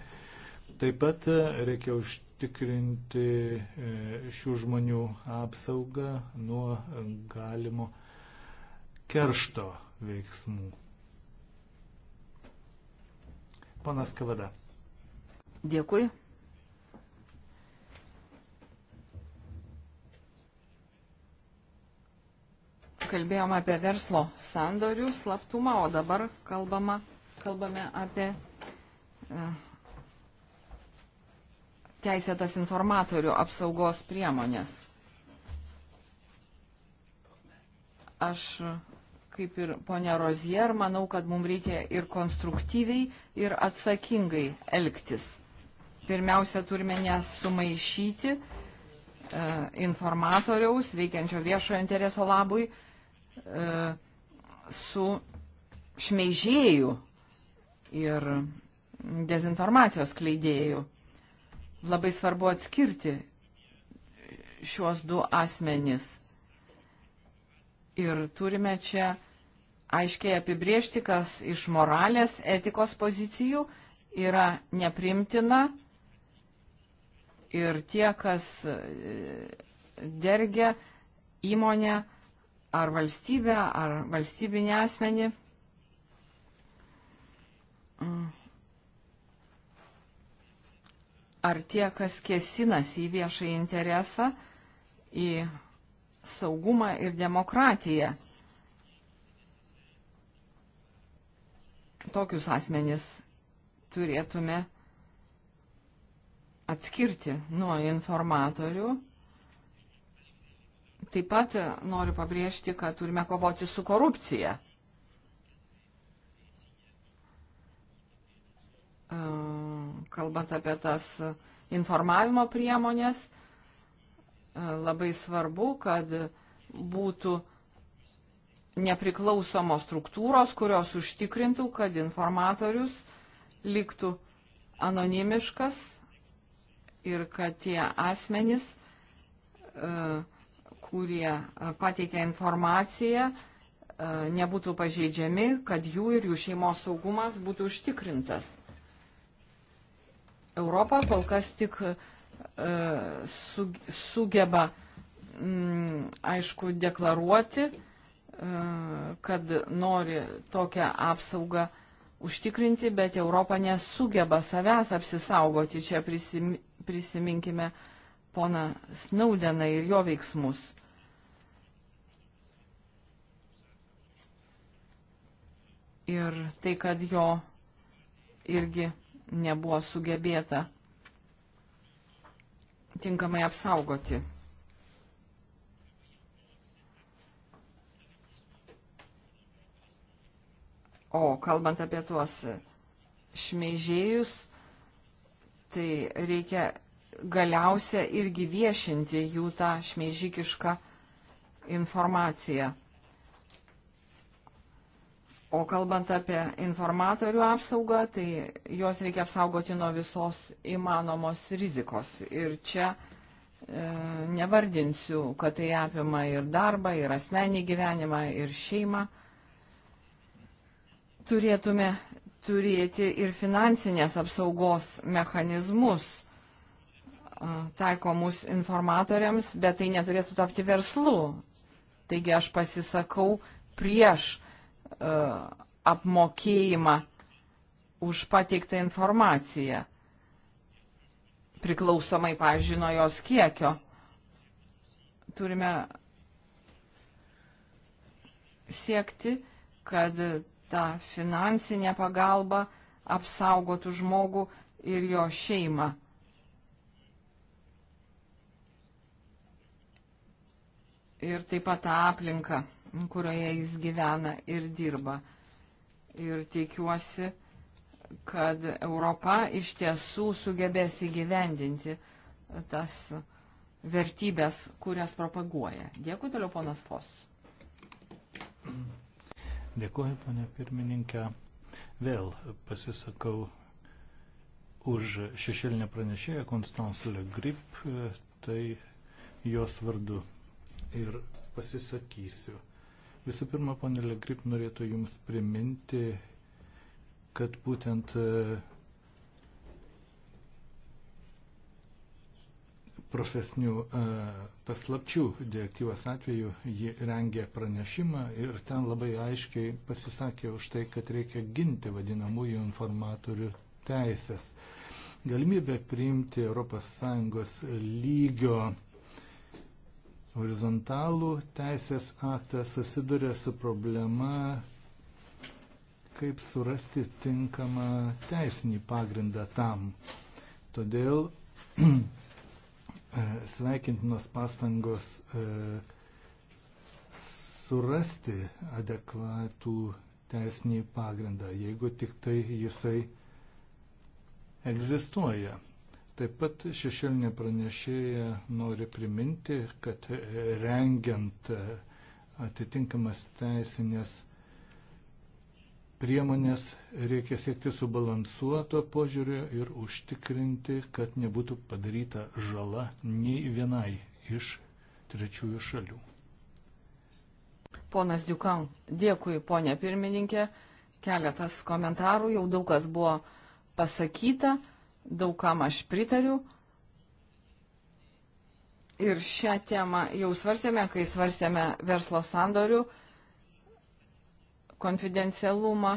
Taip pat reikia užtikrinti užtikrinti e, šių žmonių apsaugą nuo galimo keršto veiksmų. Panas Kavada. Dėkui. Kalbėjom apie verslo sandorių slaptumą, o dabar kalbama, kalbame apie e, teisėtas informatorių apsaugos priemonės. Aš, kaip ir ponia Rozier, manau, kad mums reikia ir konstruktyviai, ir atsakingai elgtis. Pirmiausia, turime nesumaišyti e, informatoriaus, veikiančio viešojo intereso labui, e, su šmeižėjų ir dezinformacijos kleidėjų. Labai svarbu atskirti šios du asmenys. Ir turime čia aiškiai apibriežti, kas iš moralės etikos pozicijų yra neprimtina ir tie, kas e, dergia įmonę ar valstybę, ar valstybinį asmenį. Mm ar tie, kas kėsinasi į viešą interesą, į saugumą ir demokratiją, tokius asmenis turėtume atskirti nuo informatorių. Taip pat noriu pabrėžti, kad turime kovoti su korupcija. Uh, kalbant apie tas informavimo priemonės, e, labai svarbu, kad būtų nepriklausomos struktūros, kurios užtikrintų, kad informatorius liktų anonimiškas ir kad tie asmenys, e, kurie pateikia informaciją, e, nebūtų pažeidžiami, kad jų ir jų šeimos saugumas būtų užtikrintas. Europa kol kas tik e, sugeba, mm, aišku, deklaruoti, e, kad nori tokią apsaugą užtikrinti, bet Europa nesugeba savęs apsisaugoti. Čia prisiminkime pona Snaudeną ir jo veiksmus. Ir tai, kad jo irgi nebuvo sugebėta tinkamai apsaugoti. O kalbant apie tuos šmeižėjus, tai reikia galiausia irgi viešinti jų tą šmeižikišką informaciją. O kalbant apie informatorių apsaugą, tai juos reikia apsaugoti nuo visos įmanomos rizikos. Ir čia e, nevardinsiu, kad tai apima ir darbą, ir asmenį gyvenimą, ir šeimą. Turėtume turėti ir finansinės apsaugos mechanizmus e, taikomus informatoriams, bet tai neturėtų tapti verslu. Taigi aš pasisakau prieš E, apmokėjimą už pateiktą informaciją, priklausomai, pavyzdžiui, nuo jos kiekio. Turime siekti, kad ta finansinė pagalba apsaugotų žmogų ir jo šeimą. Ir taip pat tą aplinką kurioje jis gyvena ir dirba. Ir tikiuosi, kad Europa iš tiesų sugebės įgyvendinti tas vertybės, kurias propaguoja. Dėkui toliau, ponas Fos. Dėkuoju, ponė pirmininkė. Vėl pasisakau už šešėlinę pranešėją Konstans Le Grip, tai jos vardu ir pasisakysiu. Visų pirma, ponė Legrip norėtų Jums priminti, kad būtent e, profesinių e, paslapčių direktyvos atveju ji rengė pranešimą ir ten labai aiškiai pasisakė už tai, kad reikia ginti vadinamųjų informatorių teisės. Galimybė priimti ES lygio horizontalų teisės aktą susiduria su problema, kaip surasti tinkamą teisinį pagrindą tam. Todėl [clears throat] e, sveikintinos pastangos e, surasti adekvatų teisinį pagrindą, jeigu tik tai jisai egzistuoja. Taip pat šešėlinė pranešėja nori priminti, kad rengiant atitinkamas teisinės priemonės reikia siekti subalansuoto požiūrio ir užtikrinti, kad nebūtų padaryta žala nei vienai iš trečiųjų šalių. Ponas Diukan, dėkui, ponė pirmininkė. Keletas komentarų, jau daug kas buvo pasakyta daugam aš pritariu. Ir šią temą jau svarstėme, kai svarstėme verslo sandorių konfidencialumą.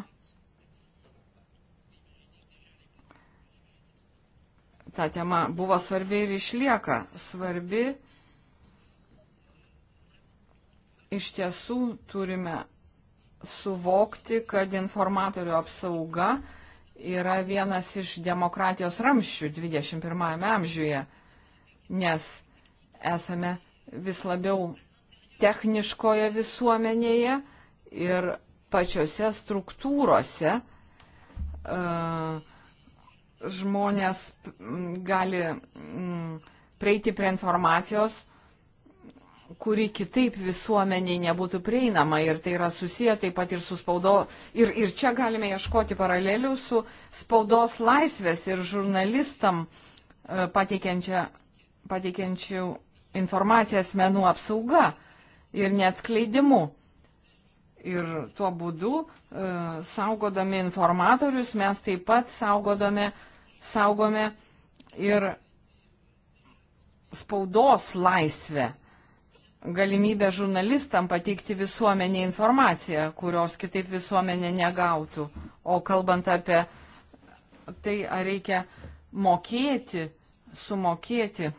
Ta tema buvo svarbi ir išlieka svarbi. Iš tiesų turime suvokti, kad informatorių apsauga yra vienas iš demokratijos ramščių 21 amžiuje, nes esame vis labiau techniškoje visuomenėje ir pačiose struktūrose e, žmonės gali prieiti prie informacijos, kuri kitaip visuomeniai nebūtų prieinama ir tai yra susiję taip pat ir su spaudo. Ir, ir čia galime ieškoti paralelių su spaudos laisvės ir žurnalistam e, pateikiančių informaciją asmenų apsauga ir neatskleidimu. Ir tuo būdu, e, saugodami informatorius, mes taip pat saugodame, saugome ir spaudos laisvę galimybę žurnalistam pateikti visuomenė informaciją, kurios kitaip visuomenė negautų. O kalbant apie tai, ar reikia mokėti, sumokėti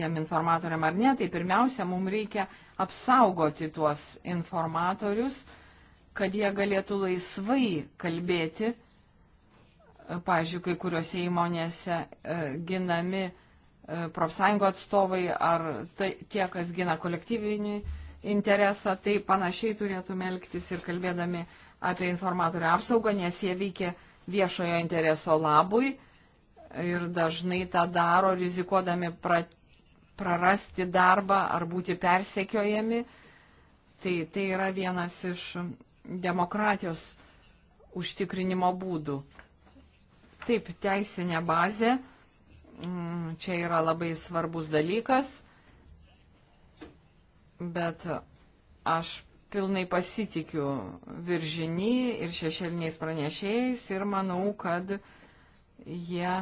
tiem informatoriam ar ne, tai pirmiausia, mums reikia apsaugoti tuos informatorius, kad jie galėtų laisvai kalbėti. Pavyzdžiui, kai kuriuose įmonėse e, ginami profsąjungo atstovai ar tai, tie, kas gina kolektyvinį interesą, tai panašiai turėtume elgtis ir kalbėdami apie informatorių apsaugą, nes jie veikia viešojo intereso labui ir dažnai tą daro rizikuodami pra, prarasti darbą ar būti persekiojami. Tai, tai yra vienas iš demokratijos užtikrinimo būdų. Taip, teisinė bazė Mm, čia yra labai svarbus dalykas, bet aš pilnai pasitikiu viržinį ir šešėliniais pranešėjais ir manau, kad jie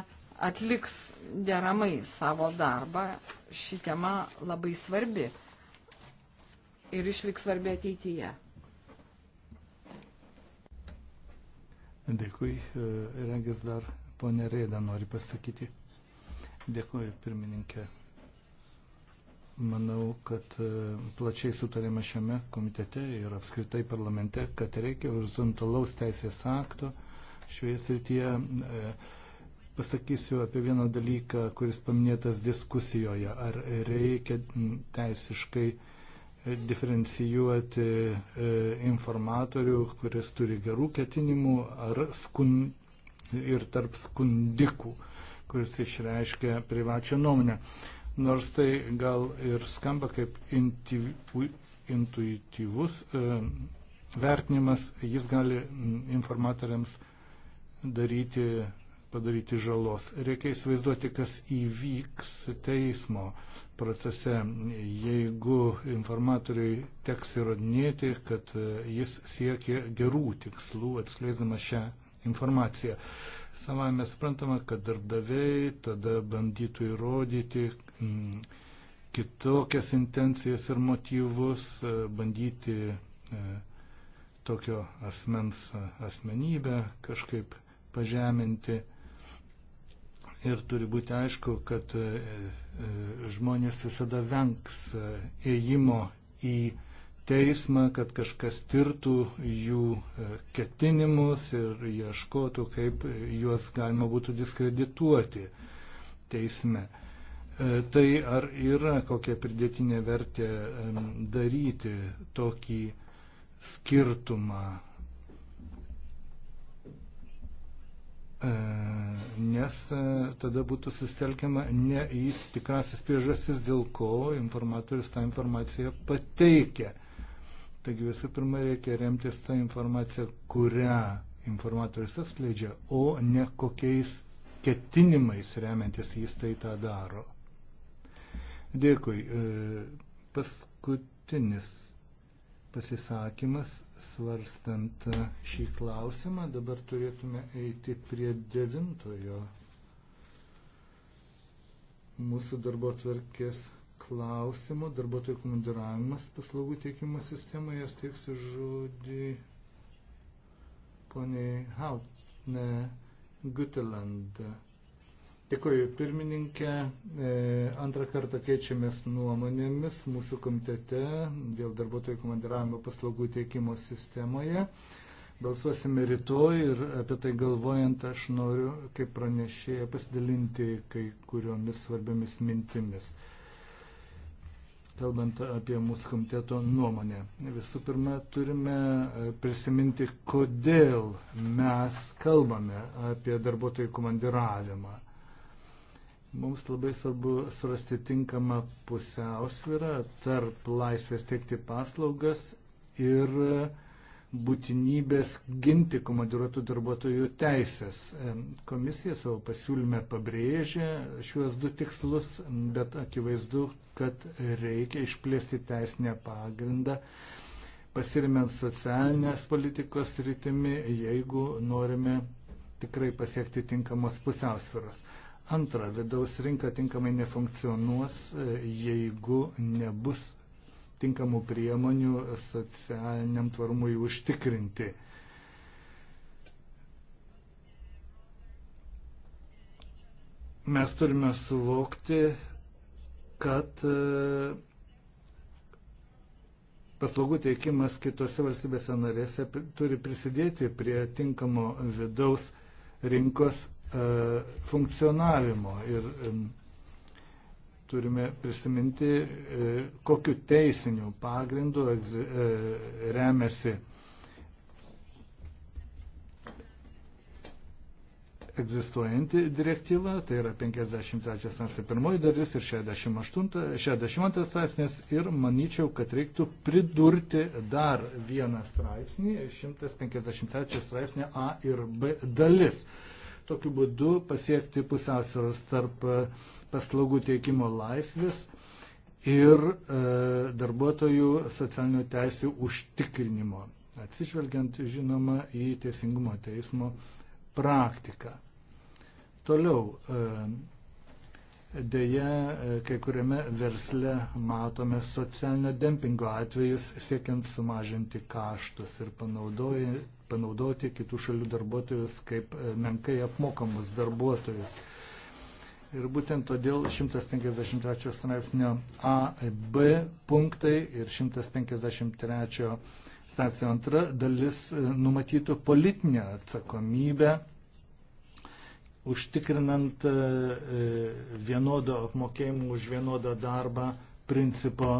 atliks deramai savo darbą. Ši tema labai svarbi ir išliks svarbi ateityje. Dėkui, e, rengės dar ponė Rėda nori pasakyti. Dėkuoju, pirmininkė. Manau, kad e, plačiai sutarėme šiame komitete ir apskritai parlamente, kad reikia horizontalaus teisės akto šioje srityje. E, pasakysiu apie vieną dalyką, kuris paminėtas diskusijoje. Ar reikia teisiškai e, diferencijuoti e, informatorių, kuris turi gerų ketinimų, ar skun... ir tarp skundikų kuris išreiškia privačią nuomonę. Nors tai gal ir skamba kaip intuityvus e, vertinimas, jis gali informatoriams daryti, padaryti žalos. Reikia įsivaizduoti, kas įvyks teismo procese, jeigu informatoriui teks įrodinėti, kad e, jis siekia gerų tikslų atskleisdamas šią informaciją. Savai mes suprantame, kad darbdaviai tada bandytų įrodyti m, mm, kitokias intencijas ir motyvus, e, bandyti e, tokio asmens e, asmenybę kažkaip pažeminti. Ir turi būti aišku, kad e, e, žmonės visada vengs e, ėjimo į e, teismą, kad kažkas tirtų jų e, ketinimus ir ieškotų, kaip juos galima būtų diskredituoti teisme. E, tai ar yra kokia pridėtinė vertė daryti tokį skirtumą? E, nes tada būtų sustelkiama ne į tikrasis priežasis, dėl ko informatorius tą informaciją pateikia Taigi visų pirma reikia remtis tą informaciją, kurią informatorius atskleidžia, o ne kokiais ketinimais remiantis jis tai tą daro. Dėkui. E, paskutinis pasisakymas svarstant šį klausimą. Dabar turėtume eiti prie devintojo mūsų darbo tvarkės klausimo, darbuotojų komandiravimas paslaugų teikimo sistemoje, aš teiksiu žodį poniai Hautne Guteland. Dėkuoju pirmininkė, e, antrą kartą keičiamės nuomonėmis mūsų komitete dėl darbuotojų komandiravimo paslaugų teikimo sistemoje. Balsuosime rytoj ir apie tai galvojant aš noriu kaip pranešėja pasidalinti kai kuriomis svarbiamis mintimis. E, kalbant apie mūsų komiteto nuomonę. Visų pirma, turime e, prisiminti, kodėl mes kalbame apie darbuotojų komandiravimą. Mums labai svarbu surasti tinkamą pusiausvyrą tarp laisvės teikti paslaugas ir būtinybės ginti komandiruotų darbuotojų teisės. E, Komisija savo pasiūlyme pabrėžė šiuos du tikslus, bet akivaizdu, kad reikia išplėsti teisinę pagrindą, pasirimint socialinės politikos rytimi, jeigu norime tikrai pasiekti tinkamos pusiausviros. Antra, vidaus rinka tinkamai nefunkcionuos, jeigu nebus tinkamų priemonių socialiniam tvarumui užtikrinti. mes turime suvokti, kad e, paslaugų teikimas kitose valstybėse narėse turi prisidėti prie tinkamo vidaus rinkos e, funkcionavimo ir e, turime prisiminti, kokiu teisiniu pagrindu remiasi egzistuojanti direktyva, tai yra 53 straipsnė pirmoji dalis ir 68, 62 straipsnės ir manyčiau, kad reiktų pridurti dar vieną straipsnį, 153 straipsnė A ir B dalis. Tokiu būdu pasiekti pusiausvėros tarp e, paslaugų teikimo laisvės ir e, darbuotojų socialinių teisų užtikrinimo, atsižvelgiant žinoma į Teisingumo teismo praktiką. Toliau, e, dėja, e, kai kuriame versle matome socialinio dempingo atvejus, siekiant sumažinti kaštus ir panaudoti kitų šalių darbuotojus kaip e, menkai apmokamus darbuotojus. Ir būtent todėl 153 straipsnio A, B punktai ir 153 straipsnio antra dalis numatytų politinę atsakomybę užtikrinant e, e, vienodo apmokėjimo už vienodą darbą principo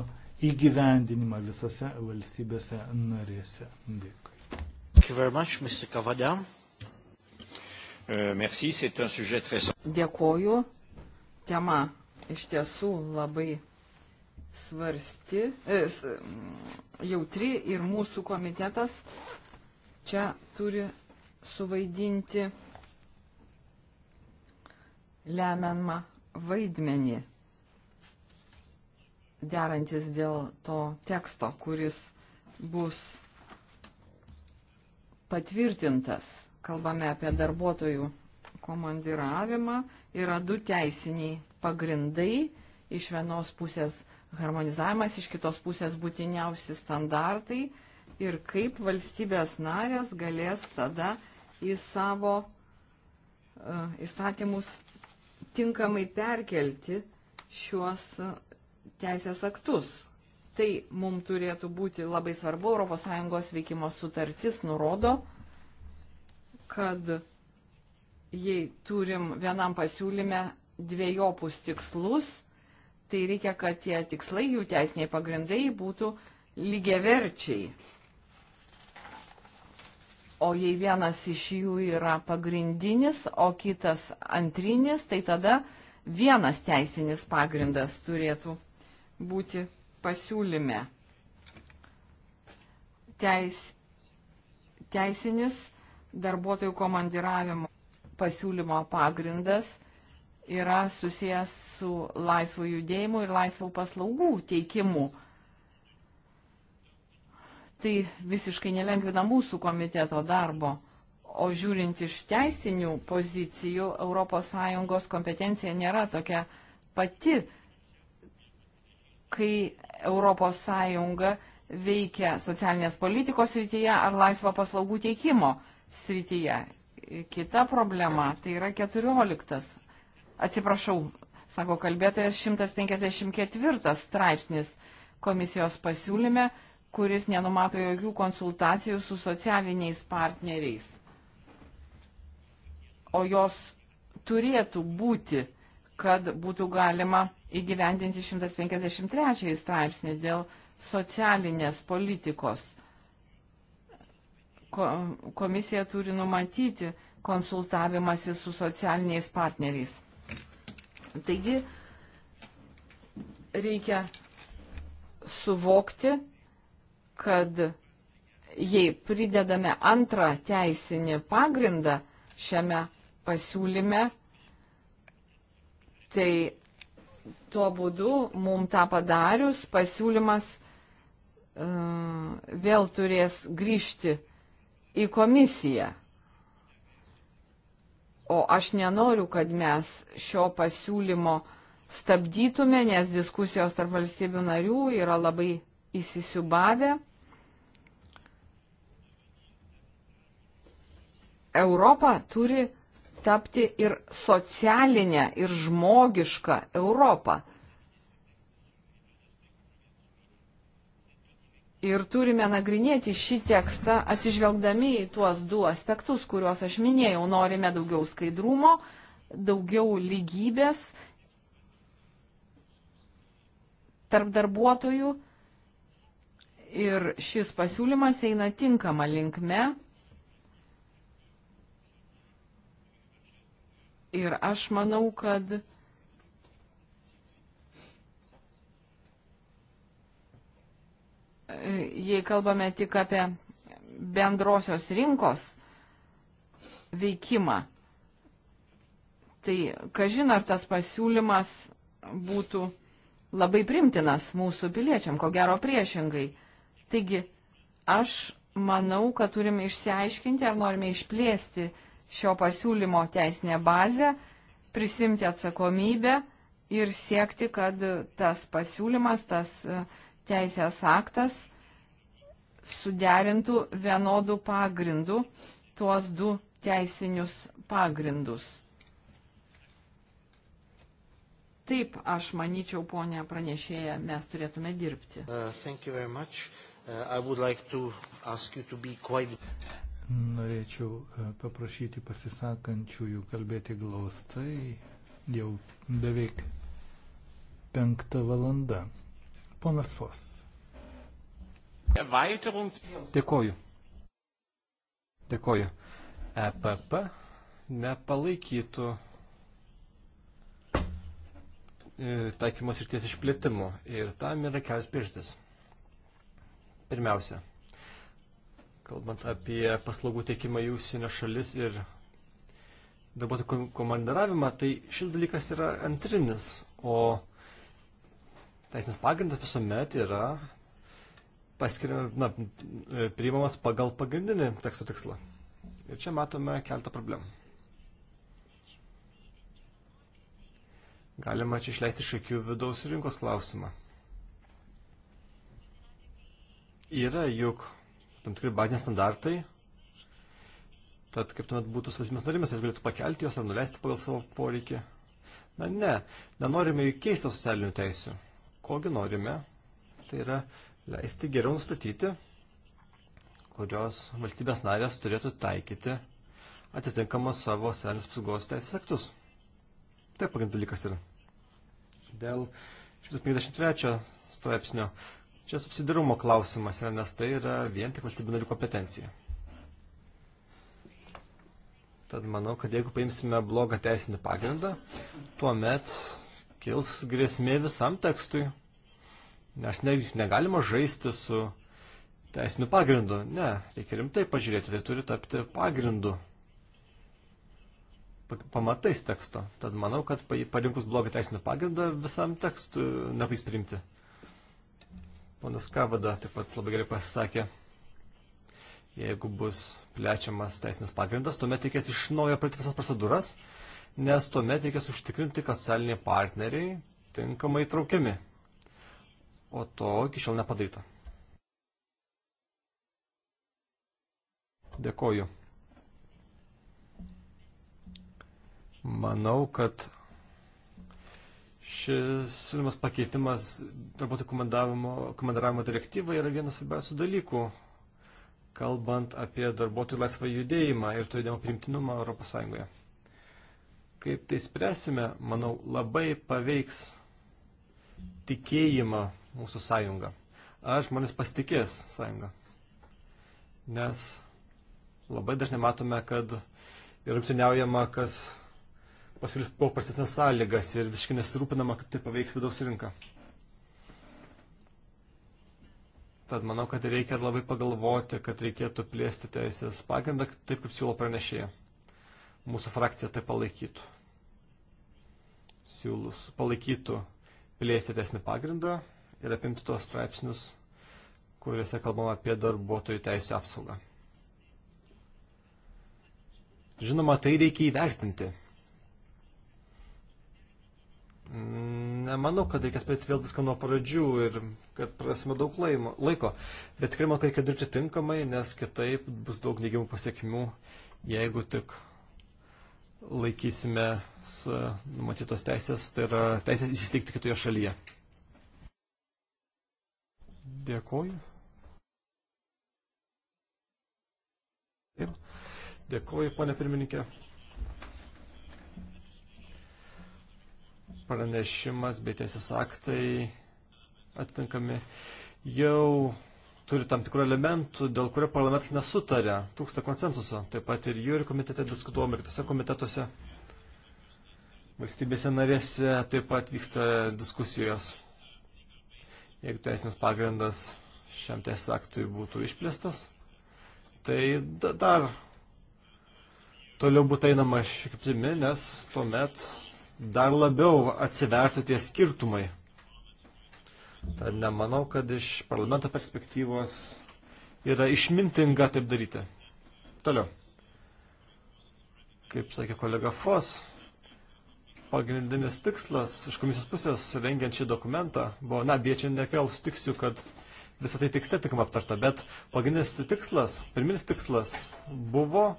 įgyvendinimą visose valstybėse narėse. Dėkui. E, Dėkoju. Tema iš tiesų labai svarsti, mm, jautri ir mūsų komitetas čia turi suvaidinti lemiamą vaidmenį derantis dėl to teksto, kuris bus patvirtintas. Kalbame apie darbuotojų komandiravimą. Yra du teisiniai pagrindai. Iš vienos pusės harmonizavimas, iš kitos pusės būtiniausi standartai. Ir kaip valstybės narės galės tada į savo uh, įstatymus tinkamai perkelti šiuos teisės aktus. Tai mums turėtų būti labai svarbu. ES veikimo sutartis nurodo, kad jei turim vienam pasiūlyme dviejopus tikslus, tai reikia, kad tie tikslai, jų teisiniai pagrindai būtų lygiaverčiai. O jei vienas iš jų yra pagrindinis, o kitas antrinis, tai tada vienas teisinis pagrindas turėtų būti pasiūlyme. Teis, teisinis darbuotojų komandiravimo pasiūlymo pagrindas yra susijęs su laisvu judėjimu ir laisvų paslaugų teikimu tai visiškai nelengvina mūsų komiteto darbo. O žiūrint iš teisinių pozicijų, ES kompetencija nėra tokia pati, kai ES veikia socialinės politikos srityje ar laisvo paslaugų teikimo srityje. Kita problema, tai yra 14. Atsiprašau, sako kalbėtojas 154 straipsnis komisijos pasiūlyme kuris nenumato jokių konsultacijų su socialiniais partneriais. O jos turėtų būti, kad būtų galima įgyvendinti 153 straipsnį dėl socialinės politikos. Ko, komisija turi numatyti konsultavimasi su socialiniais partneriais. Taigi reikia suvokti, kad jei pridedame antrą teisinį pagrindą šiame pasiūlyme, tai tuo būdu mums tą padarius pasiūlymas uh, vėl turės grįžti į komisiją. O aš nenoriu, kad mes šio pasiūlymo stabdytume, nes diskusijos tarp valstybių narių yra labai įsisiubavę. Europa turi tapti ir socialinę, ir žmogišką Europą. Ir turime nagrinėti šį tekstą atsižvelgdami į tuos du aspektus, kuriuos aš minėjau. Norime daugiau skaidrumo, daugiau lygybės tarp darbuotojų. Ir šis pasiūlymas eina tinkama linkme. Ir aš manau, kad jei kalbame tik apie bendrosios rinkos veikimą, tai kažin ar tas pasiūlymas būtų labai primtinas mūsų piliečiam, ko gero priešingai. Taigi, aš manau, kad turime išsiaiškinti, ar norime išplėsti šio pasiūlymo teisinę bazę, prisimti atsakomybę ir siekti, kad tas pasiūlymas, tas e, teisės aktas suderintų vienodų pagrindų tuos du teisinius pagrindus. Taip, aš manyčiau, ponė pranešėja, mes turėtume dirbti. Uh, uh like quite... Norėčiau e, paprašyti pasisakančiųjų kalbėti glaustai, jau beveik penktą valandą. Ponas Fos. Dėkoju. Dėkoju. EPP nepalaikytų e, taikymos ir ties išplėtimo ir tam yra kelias priežastis. Pirmiausia, kalbant apie paslaugų teikimą į užsienio šalis ir darbuotojų komandaravimą, tai šis dalykas yra antrinis, o teisinis pagrindas visuomet yra paskiriam, na, priimamas pagal pagrindinį teksto tikslą. Ir čia matome keltą problemų. Galima čia išleisti šakių vidaus rinkos klausimą. Yra juk tam tikri baziniai standartai. Tad kaip tuomet būtų su valstybės narimis, jas galėtų pakelti jos ar nuleisti pagal savo poreikį. Na ne, nenorime keisti socialinių teisių. Kogi norime, tai yra leisti geriau nustatyti, kurios valstybės narės turėtų taikyti atitinkamas savo socialinės apsaugos teisės aktus. Tai pagrindinis dalykas yra. Dėl 153 straipsnio Čia subsidarumo klausimas yra, nes tai yra vien tik valstybių narių kompetencija. Tad manau, kad jeigu paimsime blogą teisinį pagrindą, tuomet kils grėsmė visam tekstui. Nes ne, negalima žaisti su teisiniu pagrindu. Ne, reikia rimtai pažiūrėti, tai turi tapti pagrindu, pamatais teksto. Tad manau, kad parinkus blogą teisinį pagrindą visam tekstui nepais priimti. Ponas Kavada taip pat labai gerai pasisakė, jeigu bus plečiamas teisinis pagrindas, tuomet reikės iš naujo pradėti visas procedūras, nes tuomet reikės užtikrinti, kad socialiniai partneriai tinkamai traukiami. O to iki šiol nepadaryta. Dėkoju. Manau, kad Šis siūlymas pakeitimas darbuotojų komandaravimo direktyvai yra vienas svarbiausių dalykų, kalbant apie darbuotojų laisvą judėjimą ir to judėjimo priimtinumą ES. Kaip tai spręsime, manau, labai paveiks tikėjimą mūsų sąjungą. Ar žmonės pasitikės sąjungą? Nes labai dažnai matome, kad yra apsiniaujama, kas pasiūlys kuo prastesnės sąlygas ir visiškai nesirūpinama, kaip tai paveiks vidaus rinką. Tad manau, kad reikia labai pagalvoti, kad reikėtų plėsti teisės pagrindą, taip kaip siūlo pranešėja. Mūsų frakcija tai palaikytų. Siūlus palaikytų plėsti teisinį pagrindą ir apimti tuos straipsnius, kuriuose kalbama apie darbuotojų teisų apsaugą. Žinoma, tai reikia įvertinti. Nemanau, kad reikės pradėti vėl viską nuo pradžių ir kad prasme daug laimo, laiko. Bet tikrai manau, kad reikia dirbti tinkamai, nes kitaip bus daug neigiamų pasiekmių, jeigu tik laikysime numatytos teisės, tai yra teisės įsisteigti kitoje šalyje. Dėkuoju. Taip. Dėkuoju, ponė pirmininkė. pranešimas bei teisės aktai atitinkami jau turi tam tikrų elementų, dėl kurio parlamentas nesutarė, trūksta konsensuso. Taip pat ir jų ir komitete diskutuojame, ir kitose komitetuose. Valstybėse narėse taip pat vyksta diskusijos. Jeigu teisinis pagrindas šiam teisės aktui būtų išplėstas, tai dar toliau būtų einama šiek tiek nes tuomet dar labiau atsivertų tie skirtumai. Tad nemanau, kad iš parlamento perspektyvos yra išmintinga taip daryti. Toliau. Kaip sakė kolega Fos, pagrindinis tikslas iš komisijos pusės rengiant šį dokumentą buvo, na, biečiai nekel, sutiksiu, kad visą tai tekste tik aptarta, bet pagrindinis tikslas, pirminis tikslas buvo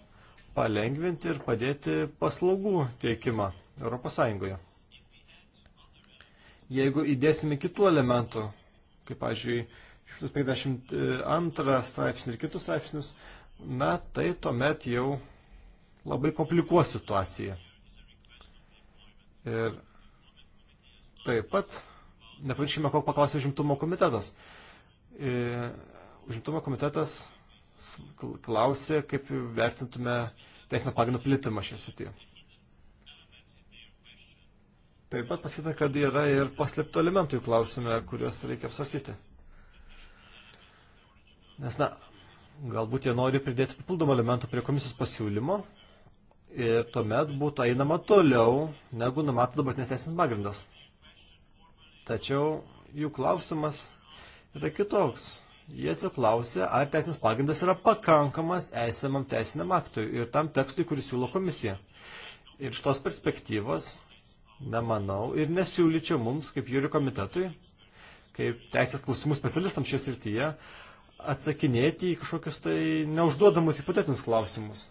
palengvinti ir padėti paslaugų teikimą. Europos Sąjungoje. Jeigu įdėsime kitų elementų, kaip, pavyzdžiui, 152 e, straipsnį ir kitus straipsnius, na, tai tuomet jau labai komplikuos situacija. Ir taip pat, nepamirškime, ko paklausė užimtumo komitetas. Ir e, užimtumo komitetas klausė, kaip vertintume teisinio pagrindo plitimą šioje srityje. Taip pat pasakyta, kad yra ir paslėptų elementų jų klausime, kuriuos reikia apsvarstyti. Nes, na, galbūt jie nori pridėti papildomų elementų prie komisijos pasiūlymo ir tuomet būtų einama toliau, negu numato dabartinės teisinis pagrindas. Tačiau jų klausimas yra kitoks. Jie atsiklausė, ar teisinis pagrindas yra pakankamas esamam teisiniam aktui ir tam tekstui, kurį siūlo komisija. Ir iš tos perspektyvos nemanau ir nesiūlyčiau mums, kaip jūrių komitetui, kaip teisės klausimų specialistams šioje srityje, atsakinėti į kažkokius tai neužduodamus hipotetinius klausimus.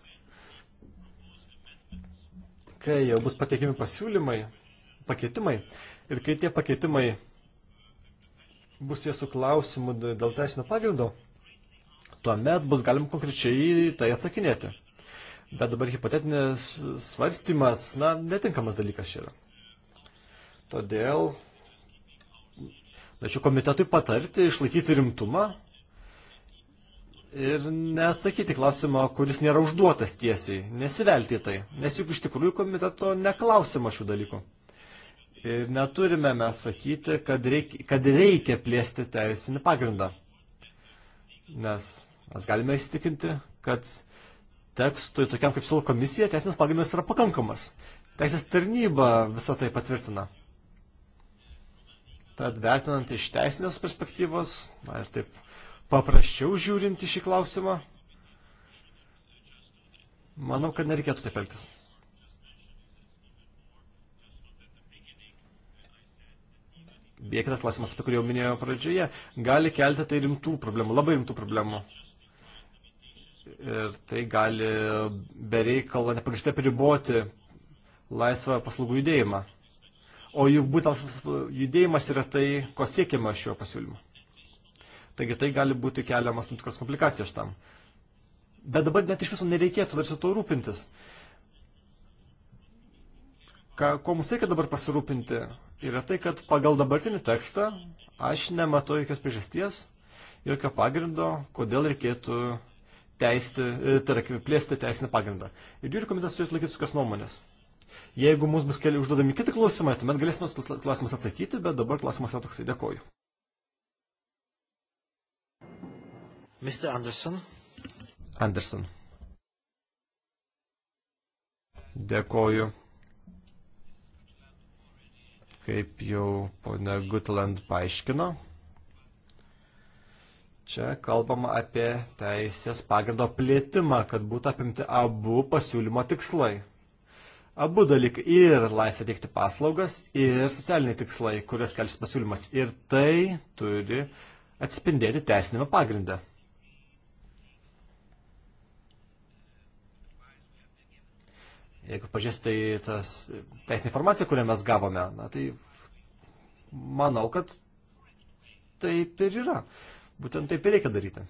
Kai jau bus pateikiami pasiūlymai, pakeitimai ir kai tie pakeitimai bus jie su klausimu dėl teisinio pagrindo, tuomet bus galima konkrečiai tai atsakinėti. Bet dabar hipotetinis svarstymas, na, netinkamas dalykas čia yra. Todėl norėčiau komitetui patarti išlaikyti rimtumą ir neatsakyti klausimą, kuris nėra užduotas tiesiai, nesivelti į tai, nes juk iš tikrųjų komiteto neklausima šių dalykų. Ir neturime mes sakyti, kad reikia, kad reikia plėsti teisinį pagrindą. Nes mes galime įsitikinti, kad tekstui, tokiam kaip siūlo komisija, teisinis pagrindas yra pakankamas. Teisės tarnyba visą tai patvirtina. Tad vertinant iš teisinės perspektyvos, na ir taip paprasčiau žiūrint į šį klausimą, manau, kad nereikėtų taip elgtis. Beje, kitas klausimas, apie kurį jau minėjau pradžioje, gali kelti tai rimtų problemų, labai rimtų problemų. Ir tai gali bereikalą nepagrįstai priboti laisvą paslaugų judėjimą. O juk būtent judėjimas yra tai, ko siekiama šiuo pasiūlymu. Taigi tai gali būti keliamas tam tikros komplikacijos tam. Bet dabar net iš viso nereikėtų dar su to rūpintis. Ką, ko mums reikia dabar pasirūpinti, yra tai, kad pagal dabartinį tekstą aš nematau jokios priežasties, jokio pagrindo, kodėl reikėtų teisti, e, tai yra, plėsti teisinį pagrindą. Ir jūrių komitetas turėtų laikytis tokios nuomonės. Jeigu mums bus keli užduodami kiti klausimai, tuomet galėsime klausimus atsakyti, bet dabar klausimas yra toksai. Dėkoju. Mr. Anderson. Anderson. Dėkoju. Kaip jau ponia Gutland paaiškino, Čia kalbama apie teisės pagrindo plėtimą, kad būtų apimti abu pasiūlymo tikslai abu dalykai - ir laisvė teikti paslaugas, ir socialiniai tikslai, kurias kelsis pasiūlymas. Ir tai turi atspindėti teisinėme pagrindę. Jeigu pažiūrėsite į tas teisinę informaciją, kurią mes gavome, na, tai manau, kad taip ir yra. Būtent taip ir reikia daryti.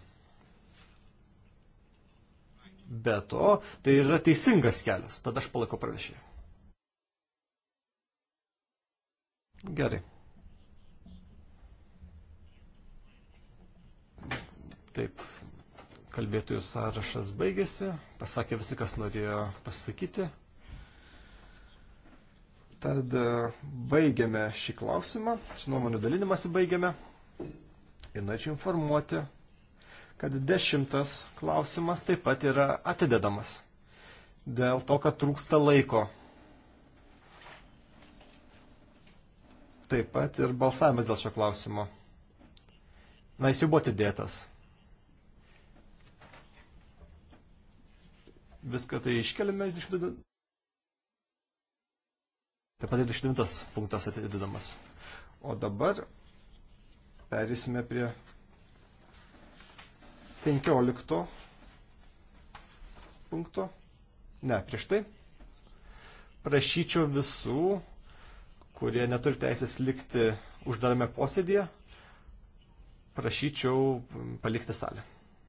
Be to, tai yra teisingas kelias. Tada aš palaikau pranešėją. Gerai. Taip, kalbėtojų sąrašas baigėsi, pasakė visi, kas norėjo pasakyti. Tad e, baigiame šį klausimą, su nuomonių dalinimąsi baigiame. Ir norėčiau informuoti kad dešimtas klausimas taip pat yra atidedamas dėl to, kad trūksta laiko. Taip pat ir balsavimas dėl šio klausimo. Na, jis jau buvo atidėtas. Viską tai iškeliame. Taip pat ir 29 punktas atidedamas. O dabar perėsime prie 15 punkto. Ne, prieš tai. Prašyčiau visų, kurie neturi teisės likti uždarame posėdėje, prašyčiau palikti salę.